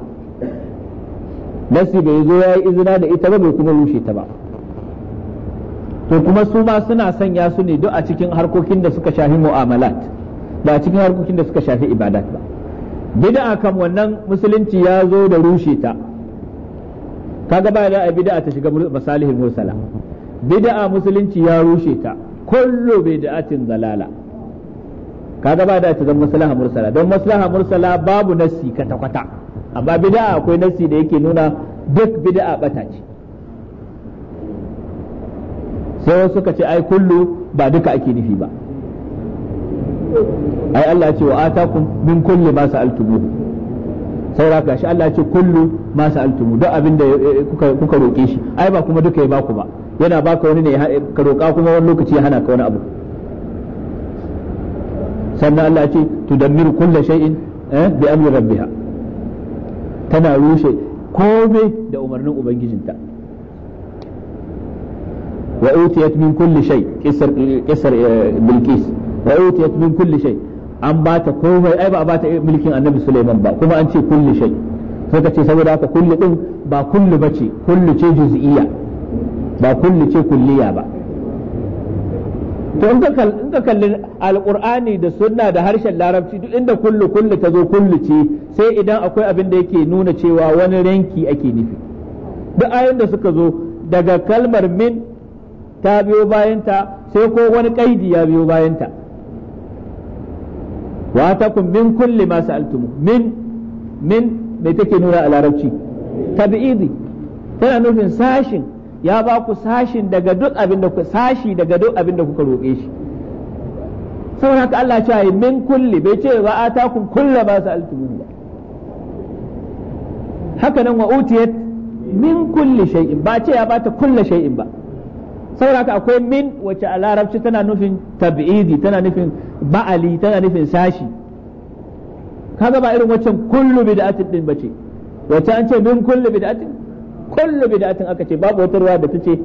nasi bai zo yayi izina da ita ba bai kuma rushe ta ba to kuma su ba suna sanya su ne duk a cikin harkokin da suka shafi mu'amalat ba a cikin harkokin da suka shafi ibadat ba bid'a kam wannan musulunci ya zo da rushe ta kaga ba da bid'a ta shiga masalihin mursala bid'a musulunci ya rushe ta kullu bid'atin zalala kaga ba da ta zama maslaha mursala don maslaha mursala babu nassi kwata kwata amma bid'a akwai nassi da yake nuna duk bid'a bata ce sai wasu suka ce ai kullu ba duka ake nufi ba ai Allah ya ce wa atakum min kulli ma sa'altumu saura shi Allah ya ce kullu ma sa'altumu duk abin da eh, eh, kuka kuka roke shi ai ba kuma duka ya baku ba yana baka wani ne ka roka kuma wani lokaci ya hana ka wani abu sannan Allah ya ce tudammiru kulli shay'in eh, bi amri rabbiha tana rushe komai da umarnin ubangijinta وأوتيت من كل شيء قصر قصر بلقيس وأوتيت من كل شيء an ba ta komai ai ba ta mulkin annabi Sulaiman ba kuma an ce kulli shay suka ce saboda haka kulli din ba kullu bace kullu ba kullu ce kulliya ba to in ka kalli alƙur'ani da sunna da harshen larabci duk inda kullu kullu ta zo kullu ce sai idan akwai abin da yake nuna cewa wani ranki ake nufi duk ayin da suka zo daga kalmar min ta biyo bayanta sai ko wani kaidi ya biyo bayanta wa takum min kulli ma sa'altum min min me take nuna a larabci tabi'idi tana nufin sashin ya ba ku sashin daga duk abin da ku sashi daga duk abin da kuka roƙe shi saboda haka Allah ya ce min kulli bai ce wa atakum kullu ma sa'altum ba haka nan wa utiyat min kulli shay'in ba ce ya bata kullu shay'in ba saboda akwai min wacce a larabci tana nufin tab'idi tana nufin ba'ali tana nufin sashi kaga ba irin waccan kullu bid'atin din bace wacce an ce min kullu bid'atin kullu bid'atin aka ce babu wata ruwa da ce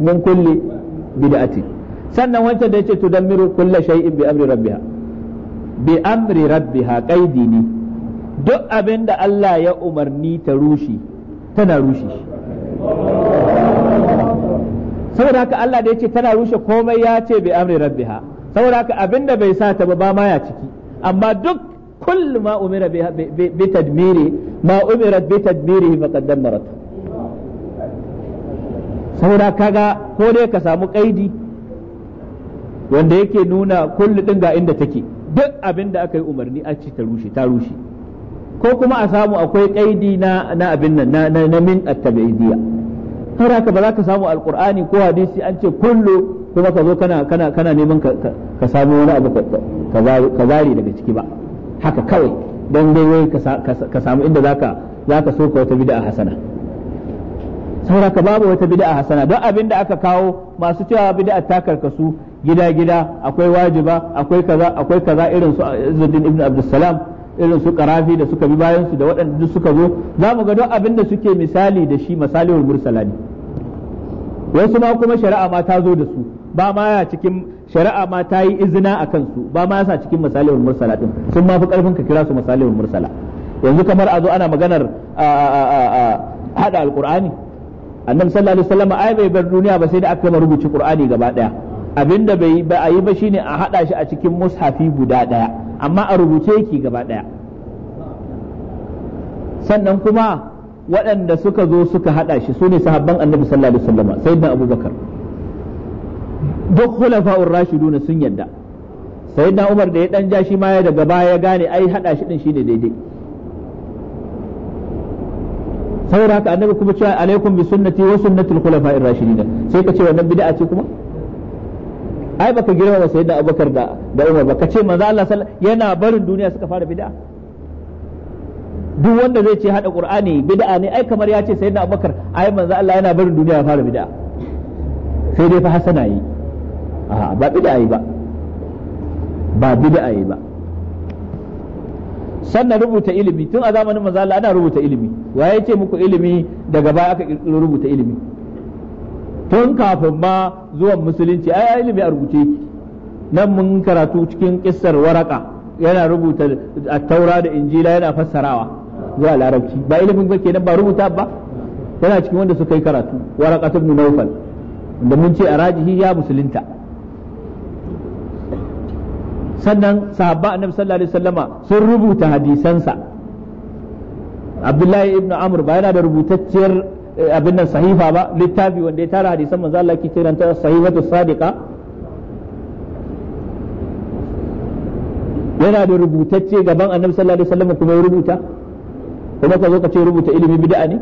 min kulli bid'atin sannan wancan da yace tudammiru kullu shay'in bi amri rabbiha bi amri rabbiha qaidi ne duk abin da Allah ya umarni ta rushe tana rushe shi saboda haka Allah da yace tana rushe komai ya ce bi amri rabbiha saboda haka abinda bai sa ta ba ba ma ya ciki amma duk kullu ma umira bi tadmiri ma umira bi tadmirihi faqad damarat saboda kaga ko dai ka samu kaidi wanda yake nuna kullu din ga inda take duk abinda aka yi umarni a ci ta rushe ta rushe ko kuma a samu akwai kaidi na na abin nan na min at-tabi'idiyya saboda ka ba za ka samu alkur'ani ko hadisi an ce kullu kuma ka zo kana kana kana neman ka samu wani abu ka zari daga ciki ba haka kawai dan dai wai ka samu inda zaka zaka so ka wata bid'a hasana saboda ka babu wata bid'a hasana don abin da aka kawo masu cewa bid'a ta karkasu gida gida akwai wajiba akwai kaza akwai kaza irin su Izzuddin ibn Abdussalam irin su karafi da suka bi bayan su da waɗanda suka zo za mu ga duk abin da suke misali da shi mursala mursalani wasu ma kuma shari'a ma ta zo da su ba ma ya cikin shari'a ma ta yi izina a kansu ba ma ya sa cikin masalihul mursala din sun ma fi karfin ka kira su masalihul mursala yanzu kamar a zo ana maganar hada alqur'ani annabi sallallahu alaihi wasallam ai bai bar duniya ba sai da aka rubuci qur'ani gaba daya abinda bai ba a yi ba shine a haɗa shi a cikin mushafi guda ɗaya amma a rubuce yake gaba daya sannan kuma waɗanda suka zo suka haɗa shi su ne sahabban annabi sallallahu alaihi wasallam sayyidina abubakar duk khulafa'ur rashiduna sun yadda sayyidina umar da ya dan ja shi ma ya daga baya ya gane ai haɗa shi din shine daidai sai haka annabi kuma cewa alaikum bi sunnati wa sunnatul khulafa'ir rashidin sai ka ce wannan bid'a ce kuma ai baka girma sayyidina abubakar da da umar ba ka ce manzo Allah yana barin duniya suka fara bid'a duk wanda zai ce hada qur'ani bid'a ne ai kamar ya ce sayyidina abubakar ai manzo Allah yana barin duniya ya fara bid'a sai dai fa hasana yi a ba bid'a yi ba ba bid'a yi ba sannan rubuta ilimi tun a zamanin manzo Allah ana rubuta ilimi waye ce muku ilimi daga baya aka kirkiro rubuta ilimi tun kafin ma zuwan musulunci ai ilimi a rubuce yake nan mun karatu cikin kissar waraka yana rubuta at-taura da injila yana fassarawa zuwa larabci ba ilimin ba kenan ba rubuta ba yana cikin wanda suka yi karatu waraqat ibn nawfal wanda mun ce a rajihi ya musulunta sannan sahabba annabi sallallahu alaihi wasallama sun rubuta hadisansa abdullahi ibn amr ba yana da rubutacciyar eh, abin nan sahifa ba littafi wanda ya tara hadisan manzo Allah ke ta sahifatu sadiqa yana da rubutacce gaban annabi sallallahu alaihi wasallama kuma ya rubuta kuma ka zo ka ce rubuta ilimi bid'a ne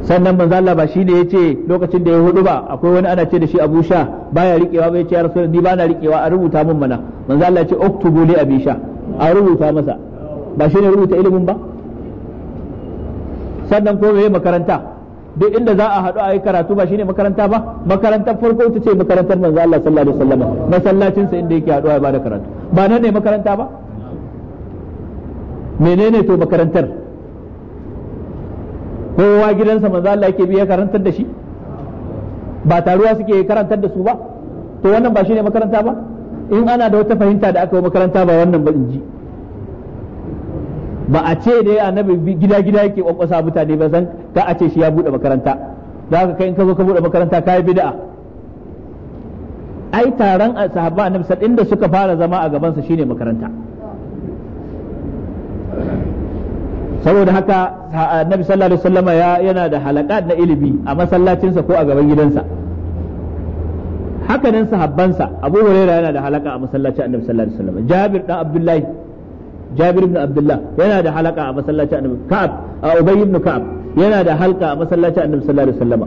sannan manzo Allah ba shine yace lokacin da ya hudu ba akwai wani ana ce da shi Abu Sha baya rikewa bai ce ya rasul ni bana rikewa a rubuta min mana manzo Allah yace ce uktubu li Abi Sha a rubuta masa ba shine rubuta ilimin ba sannan ko yayi makaranta duk inda za a haɗu a yi karatu ba shine makaranta ba makarantar farko ita ce makarantar manzo Allah sallallahu alaihi wasallam masallacin sa inda yake haɗuwa ba bada karatu ba nan ne makaranta ba menene to makarantar kowa gidansa manzo Allah yake biya karantar da shi ba taruwa suke karantar da su ba to wannan ba shine makaranta ba in ana da wata fahimta da aka yi makaranta ba wannan ba in ji ba a ce dai annabi gida gida yake kwakwasa mutane ba san ka a ce shi ya bude makaranta da haka kai in ka zo ka bude makaranta kai bid'a ai taron sahabba annabi inda suka fara zama a gabansa shine makaranta saboda haka annabi sallallahu alaihi wasallama yana da halakat na ilimi a masallacinsa ko a gaban gidansa hakanan sahabbansa abu huraira yana da halaka a masallacin annabi sallallahu alaihi wasallam jabir dan abdullahi jabir ibn abdullah yana da halaka a masallacin annabi ka'ab a ubay ibn ka'ab yana da halka a masallacin annabi sallallahu alaihi wasallam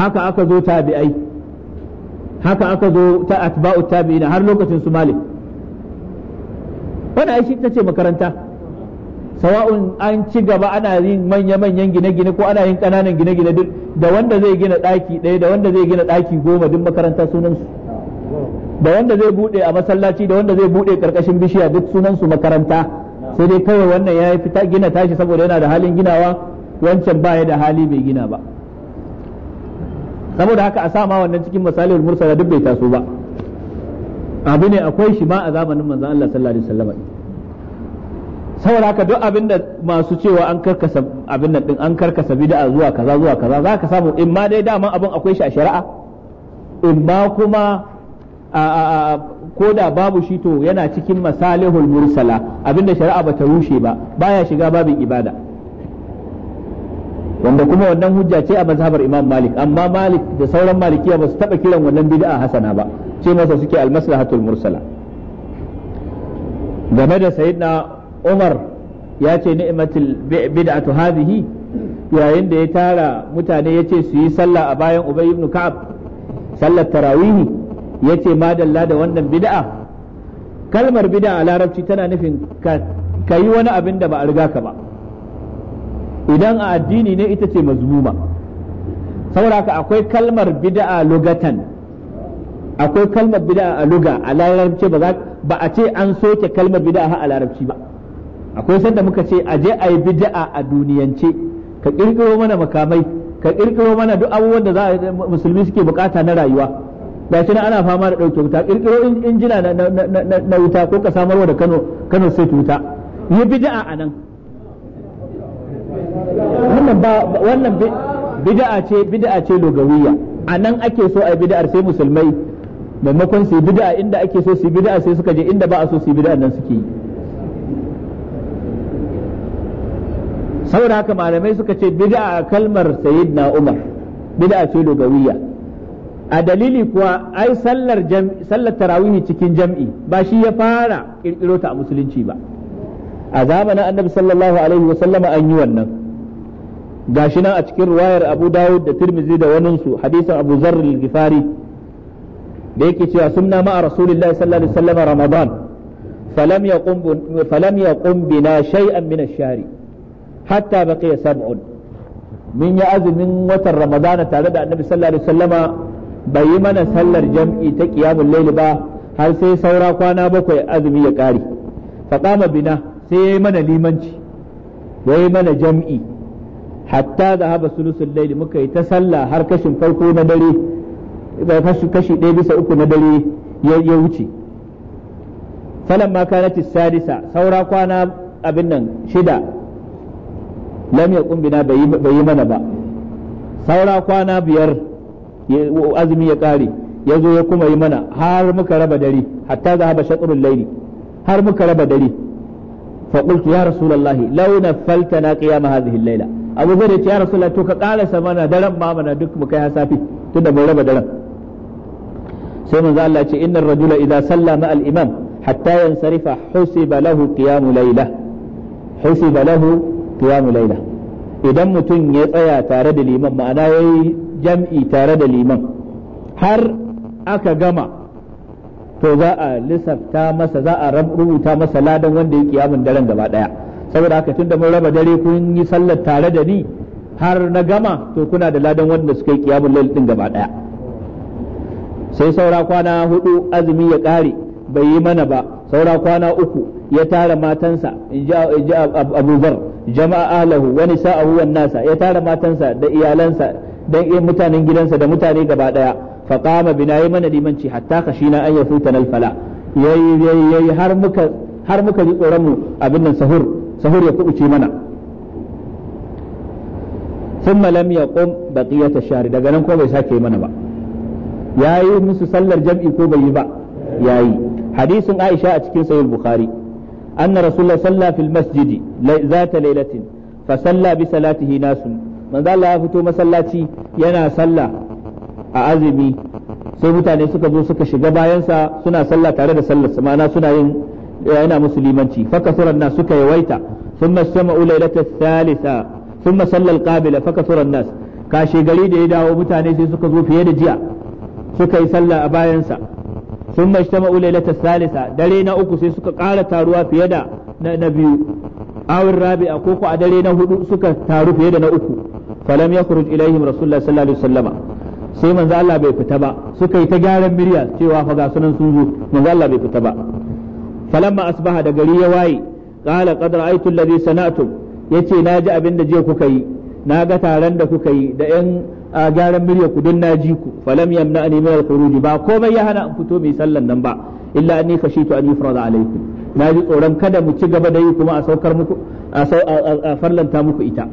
haka aka zo tabi'ai haka aka zo ta atba'u tabi'ina har lokacin su malik wannan ai shi tace makaranta sawa'un an ci gaba ana yin manya-manyan gine-gine ko ana yin ƙananan gine-gine duk da wanda zai gina ɗaki ɗaya da wanda zai gina ɗaki goma duk makaranta sunansu da wanda zai buɗe a masallaci da wanda zai buɗe ƙarƙashin bishiya duk sunansu makaranta sai dai kawai wannan ya fi gina tashi saboda yana da halin ginawa wancan ba ya da hali bai gina ba saboda haka a sa ma wannan cikin misalin mursala duk bai taso ba abu ne akwai shi ma a zamanin manzon Allah sallallahu alaihi wasallam saboda haka duk abin da masu cewa an karkasa abin nan din an karkasa bid'a zuwa kaza zuwa kaza za ka samu in ma dai daman abin akwai shi a shari'a in ma kuma ko da babu shi to yana cikin masalihul mursala da shari'a bata rushe ba baya shiga babin ibada wanda kuma wannan hujja ce a mazhabar imam malik amma malik da sauran malikiya ba su taba kiran wannan bid'a hasana ba ce masa suke almaslahatul mursala game da sayyidina Umar ya ce ni'matul bid'atu hadhihi yayin da ya tara mutane ya ce su yi sallah a bayan Ubay ibn Ka'ab sallar tarawihi ya ce ma dalla da wannan bid'a kalmar bid'a a larabci tana nufin ka yi wani abin da ba a riga ka ba idan a addini ne ita ce mazmuma saboda ka akwai kalmar bid'a lugatan akwai kalmar bid'a a luga a larabci ba a ce an soke kalmar bid'a a larabci ba akwai sanda muka ce a je a yi bid'a a duniyance ka kirkiro mana makamai ka kirkiro mana duk abubuwan da za musulmi suke bukata na rayuwa ga shi ana fama da dauke wuta kirkiro injina na wuta ko ka samarwa da Kano Kano sai wuta yi bid'a a nan wannan ba wannan bid'a ce bid'a ce logawiya a nan ake so a yi bid'ar sai musulmai maimakon su yi bid'a inda ake so su yi bid'a sai suka je inda ba a so su yi bid'a nan suke yi saboda haka malamai suka ce bid'a kalmar na umar bid'a ce lugawiyya a dalili kuwa ai sallar sallar tarawihi cikin jam'i ba shi ya fara kirkiro ta a musulunci ba a zamanin annabi sallallahu alaihi wa sallama an yi wannan gashi nan a cikin ruwayar abu dawud da tirmizi da waninsu hadisin abu zarr al-ghifari da yake cewa sunna ma'a rasulillahi sallallahu alaihi wa sallama ramadan falam yaqum falam yaqum bina shay'an min ash-shari' hatta baqiya sab'un min ya azumin watan ramadana tare da annabi sallallahu alaihi bai yi mana sallar jam'i ta qiyamul laili ba har sai saura kwana bakwai azumi ya kare fa qama bina sai yayi mana limanci yayi mana jam'i hatta zahaba sulusul layl muka yi ta sallah har kashin farko na dare bai kashi ɗaya bisa uku na dare ya wuce falamma kanat sadisa saura kwana abin nan shida lam yaqum bina bai yi mana ba saura kwana biyar azumi ya kare ya zo ya kuma yi mana har muka raba dare hatta za ba shatrul layli har muka raba dare fa ya rasulullahi launa nafaltana qiyam hadhihi al-layla abu zai ce ya rasulallah to ka karasa mana daren ma mana duk mu kai har safi da mun raba daren sai manzo Allah ce innar rajula idza salla ma al-imam hatta yansarifa husiba lahu qiyamu layla husiba lahu qiyamu laila idan mutum ya tsaya tare da liman ma'ana yayi jam'i tare da liman har aka gama to za a lissafta masa za a rubuta masa ladan wanda ya kiyamun daren gaba daya saboda haka tunda mun raba dare kun yi sallar tare da ni har na gama to kuna da ladan wanda suka yi kiyamun lail din gaba daya sai saura kwana hudu azumi ya kare bai yi mana ba saura kwana uku ya tara matansa abubuwar jama'a ahlahu wani sa'ahu wan nasa ya tara matansa da iyalansa da mutanen gidansa da mutane gaba daya fa qama bina yi mana limanci hatta kashina an yafuta nal fala yayi har muka har muka ji tsoron mu abin nan sahur sahur ya kubuce mana ثم لم يقم بقية الشهر daga nan ko bai sake mana ba yayi musu sallar jam'i ko bai yi ba yayi hadisin Aisha a cikin sahih Bukhari أن رسول الله صلى في المسجد ذات ليلة فصلى بصلاته ناس من قال لا فتو مسلاتي ينا صلى أعزمي sai mutane suka zo suka shiga bayansa suna sallah tare da sallarsa ma'ana suna yana musulmanci nas suka yawaita ثم استمعوا ليلة الثالثة ثم صلى القابلة فكثر الناس كاشي gari da ya dawo mutane sai suka zo fiye da jiya suka yi sallah a bayansa sun mashita ma'ulai lata salisa dare na uku sai suka ƙara taruwa fiye da na biyu awin rabi a a dare na hudu suka taru fiye da na uku falam ya kuruci ilayhim rasulullah sallallahu alaihi sai manzo bai fita ba suka yi ta gyaran miriya cewa fa ga sunan sun zo manzo bai fita ba falam ma da gari ya waye qala qad ra'aytu alladhi sana'tum yace na ji abin da jiya kuka yi na ga taron da kuka yi da yan a gyaran murya ku don naji ku falam yamna ani min al ba komai ya hana in fito mai sallan nan ba illa anni khashitu an yufrada alaykum na tsoron kada mu ci gaba da yi kuma a saukar muku a farlanta muku ita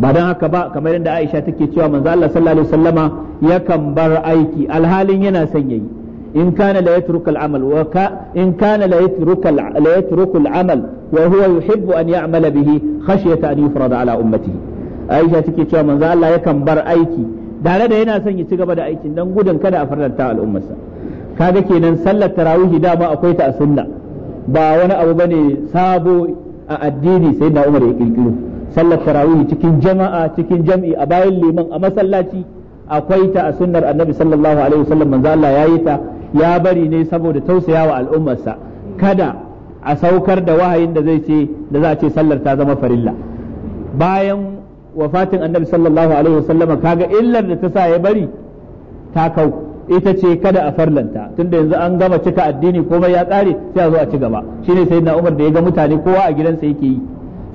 ba dan haka ba kamar yadda Aisha take cewa manzo Allah sallallahu alaihi wasallama yakan bar aiki alhalin yana son yayi in kana la al-amal wa ka in kana la la yatruku al-amal wa huwa yuhibbu an ya'mala bihi khashyata an yufrada ala ummatihi aisha take cewa manzo Allah yakan bar aiki dare da yana son ya ci gaba da aikin dan gudun kada a farlanta al'ummarsa kaga kenan sallar tarawih dama akwai ta a sunna ba wani abu bane sabo a addini sai da Umar ya kirkiro sallar tarawih cikin jama'a cikin jam'i a bayan liman a masallaci akwai ta a sunnar annabi sallallahu alaihi wasallam manzo Allah yayi ta ya bari ne saboda tausayawa al'ummarsa kada a saukar da wahayin da zai ce da za a ce sallar ta zama farilla bayan wafatin annabi sallallahu alaihi wasallam kaga illar da ta sa ya bari ta kau ita ce kada a farlanta tunda yanzu an gama cika addini komai ya tsare sai a zo a ci gaba shine sayyidina Umar da ya ga mutane kowa a gidansa yake yi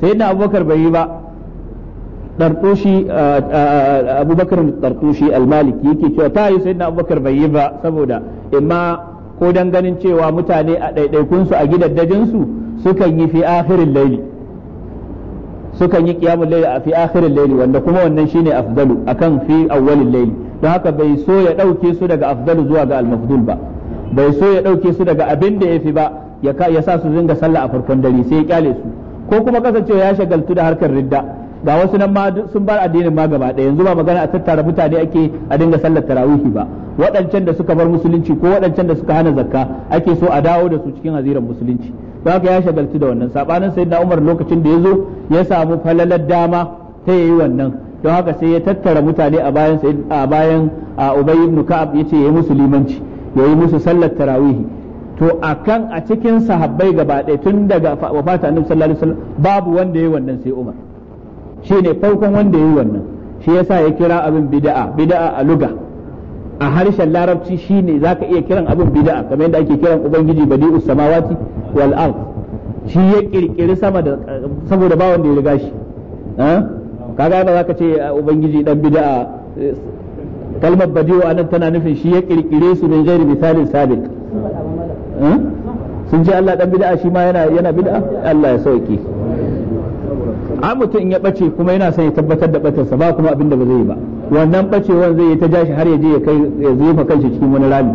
sayyidina Abubakar bai yi ba Dartushi uh, uh, uh, Abubakar Dartushi al-Maliki yake cewa ta yi sayyidina Abubakar bai yi ba saboda imma ko dan ganin cewa mutane a ɗaiɗaikunsu a su sukan yi fi akhirin laili sukan yi kiyamul layli a fi akhiril layli wanda kuma wannan shine afdalu akan fi awwalil layli don haka bai so ya dauke su daga afdalu zuwa ga al-mafdul ba bai so ya dauke su daga abin da yafi ba ya sa su dinga sallah a farkon dare sai ya kyale su ko kuma kasancewa ya shagaltu da harkar ridda ga wasu nan ma sun bar addinin ma gaba ɗaya yanzu ba magana a tattara mutane ake a dinga sallar tarawihi ba waɗancan da suka bar musulunci ko waɗancan da suka hana zakka ake so a dawo da su cikin haziran musulunci don haka ya shagaltu da wannan saɓanin sayyidina Umar lokacin da ya zo ya samu falalar dama ta yayi wannan don haka sai ya tattara mutane a bayan a bayan Ubay ibn Ka'ab yace yayi musulmanci yayi musu sallar tarawihi to akan a cikin sahabbai gaba ɗaya tun daga wafata annabi sallallahu alaihi wasallam babu wanda yayi wannan sai Umar Shi ne farkon wanda yi wannan shi yasa ya kira abin bida'a bida'a a luga a harshen larabci shi ne za ka iya kiran abin bida'a kamar yadda ake kiran ubangiji badi samawati wal ard shi ya kirkiri sama da saboda ba wanda ya riga shi kaga ba ka ce ah, ubangiji dan bida'a kalmar badi'u anan tana nufin shi ya kirkire su min jari misalin sabiq sun ce Allah dan bida'a shi ma yana yana Allah ya sauke a mutum in ya bace kuma yana son ya tabbatar da batarsa ba kuma abin da ba zai ba wannan bacewan zai yi ta jashi har ya je ya kai ya zefa kanshi cikin wani rami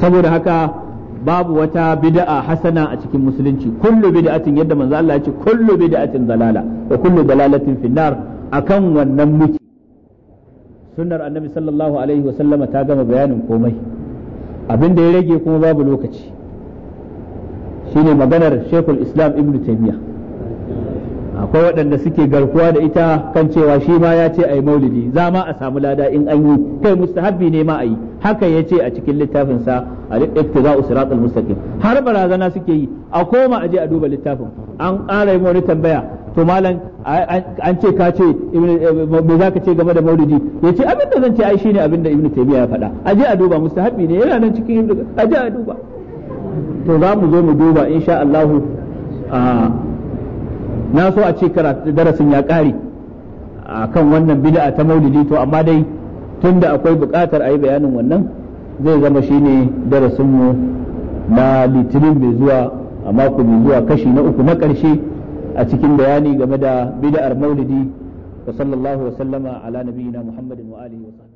saboda haka babu wata bid'a hasana a cikin musulunci kullu bid'atin yadda manzo Allah ya ce kullu bid'atin dalala wa kullu dalalatin finnar akan wannan miki. sunnar annabi sallallahu alaihi wa sallama ta gama bayanin komai abinda ya rage kuma babu lokaci shine maganar shekul islam ibnu taymiyyah akwai waɗanda suke garkuwa da ita kan cewa shi ma ya ce a yi maulidi za ma a samu lada in an yi kai mustahabbi ne ma a yi haka ya ce a cikin littafin sa al-iqtiza'u siratal mustaqim har barazana suke yi a koma a je a duba littafin an ƙara yi wani tambaya to malam an ce ka ce eh, me za ka ce game da maulidi ya ce abin da zan ce ai ne abin da ibnu taymiya ya faɗa a je a duba mustahabbi ne yana nan cikin a je a duba to za mu zo mu duba insha Allah ah, na so a ce darasin ya kare kan wannan bid'a ta maulidi to amma dai tunda akwai buƙatar a yi bayanin wannan zai zama shine darasin mu na litinin mai zuwa a mako mai zuwa kashi na uku na ƙarshe a cikin bayani game da bid'ar maulidi wa sallallahu wa sallama ala nabiyina muhammadin wa alihi wa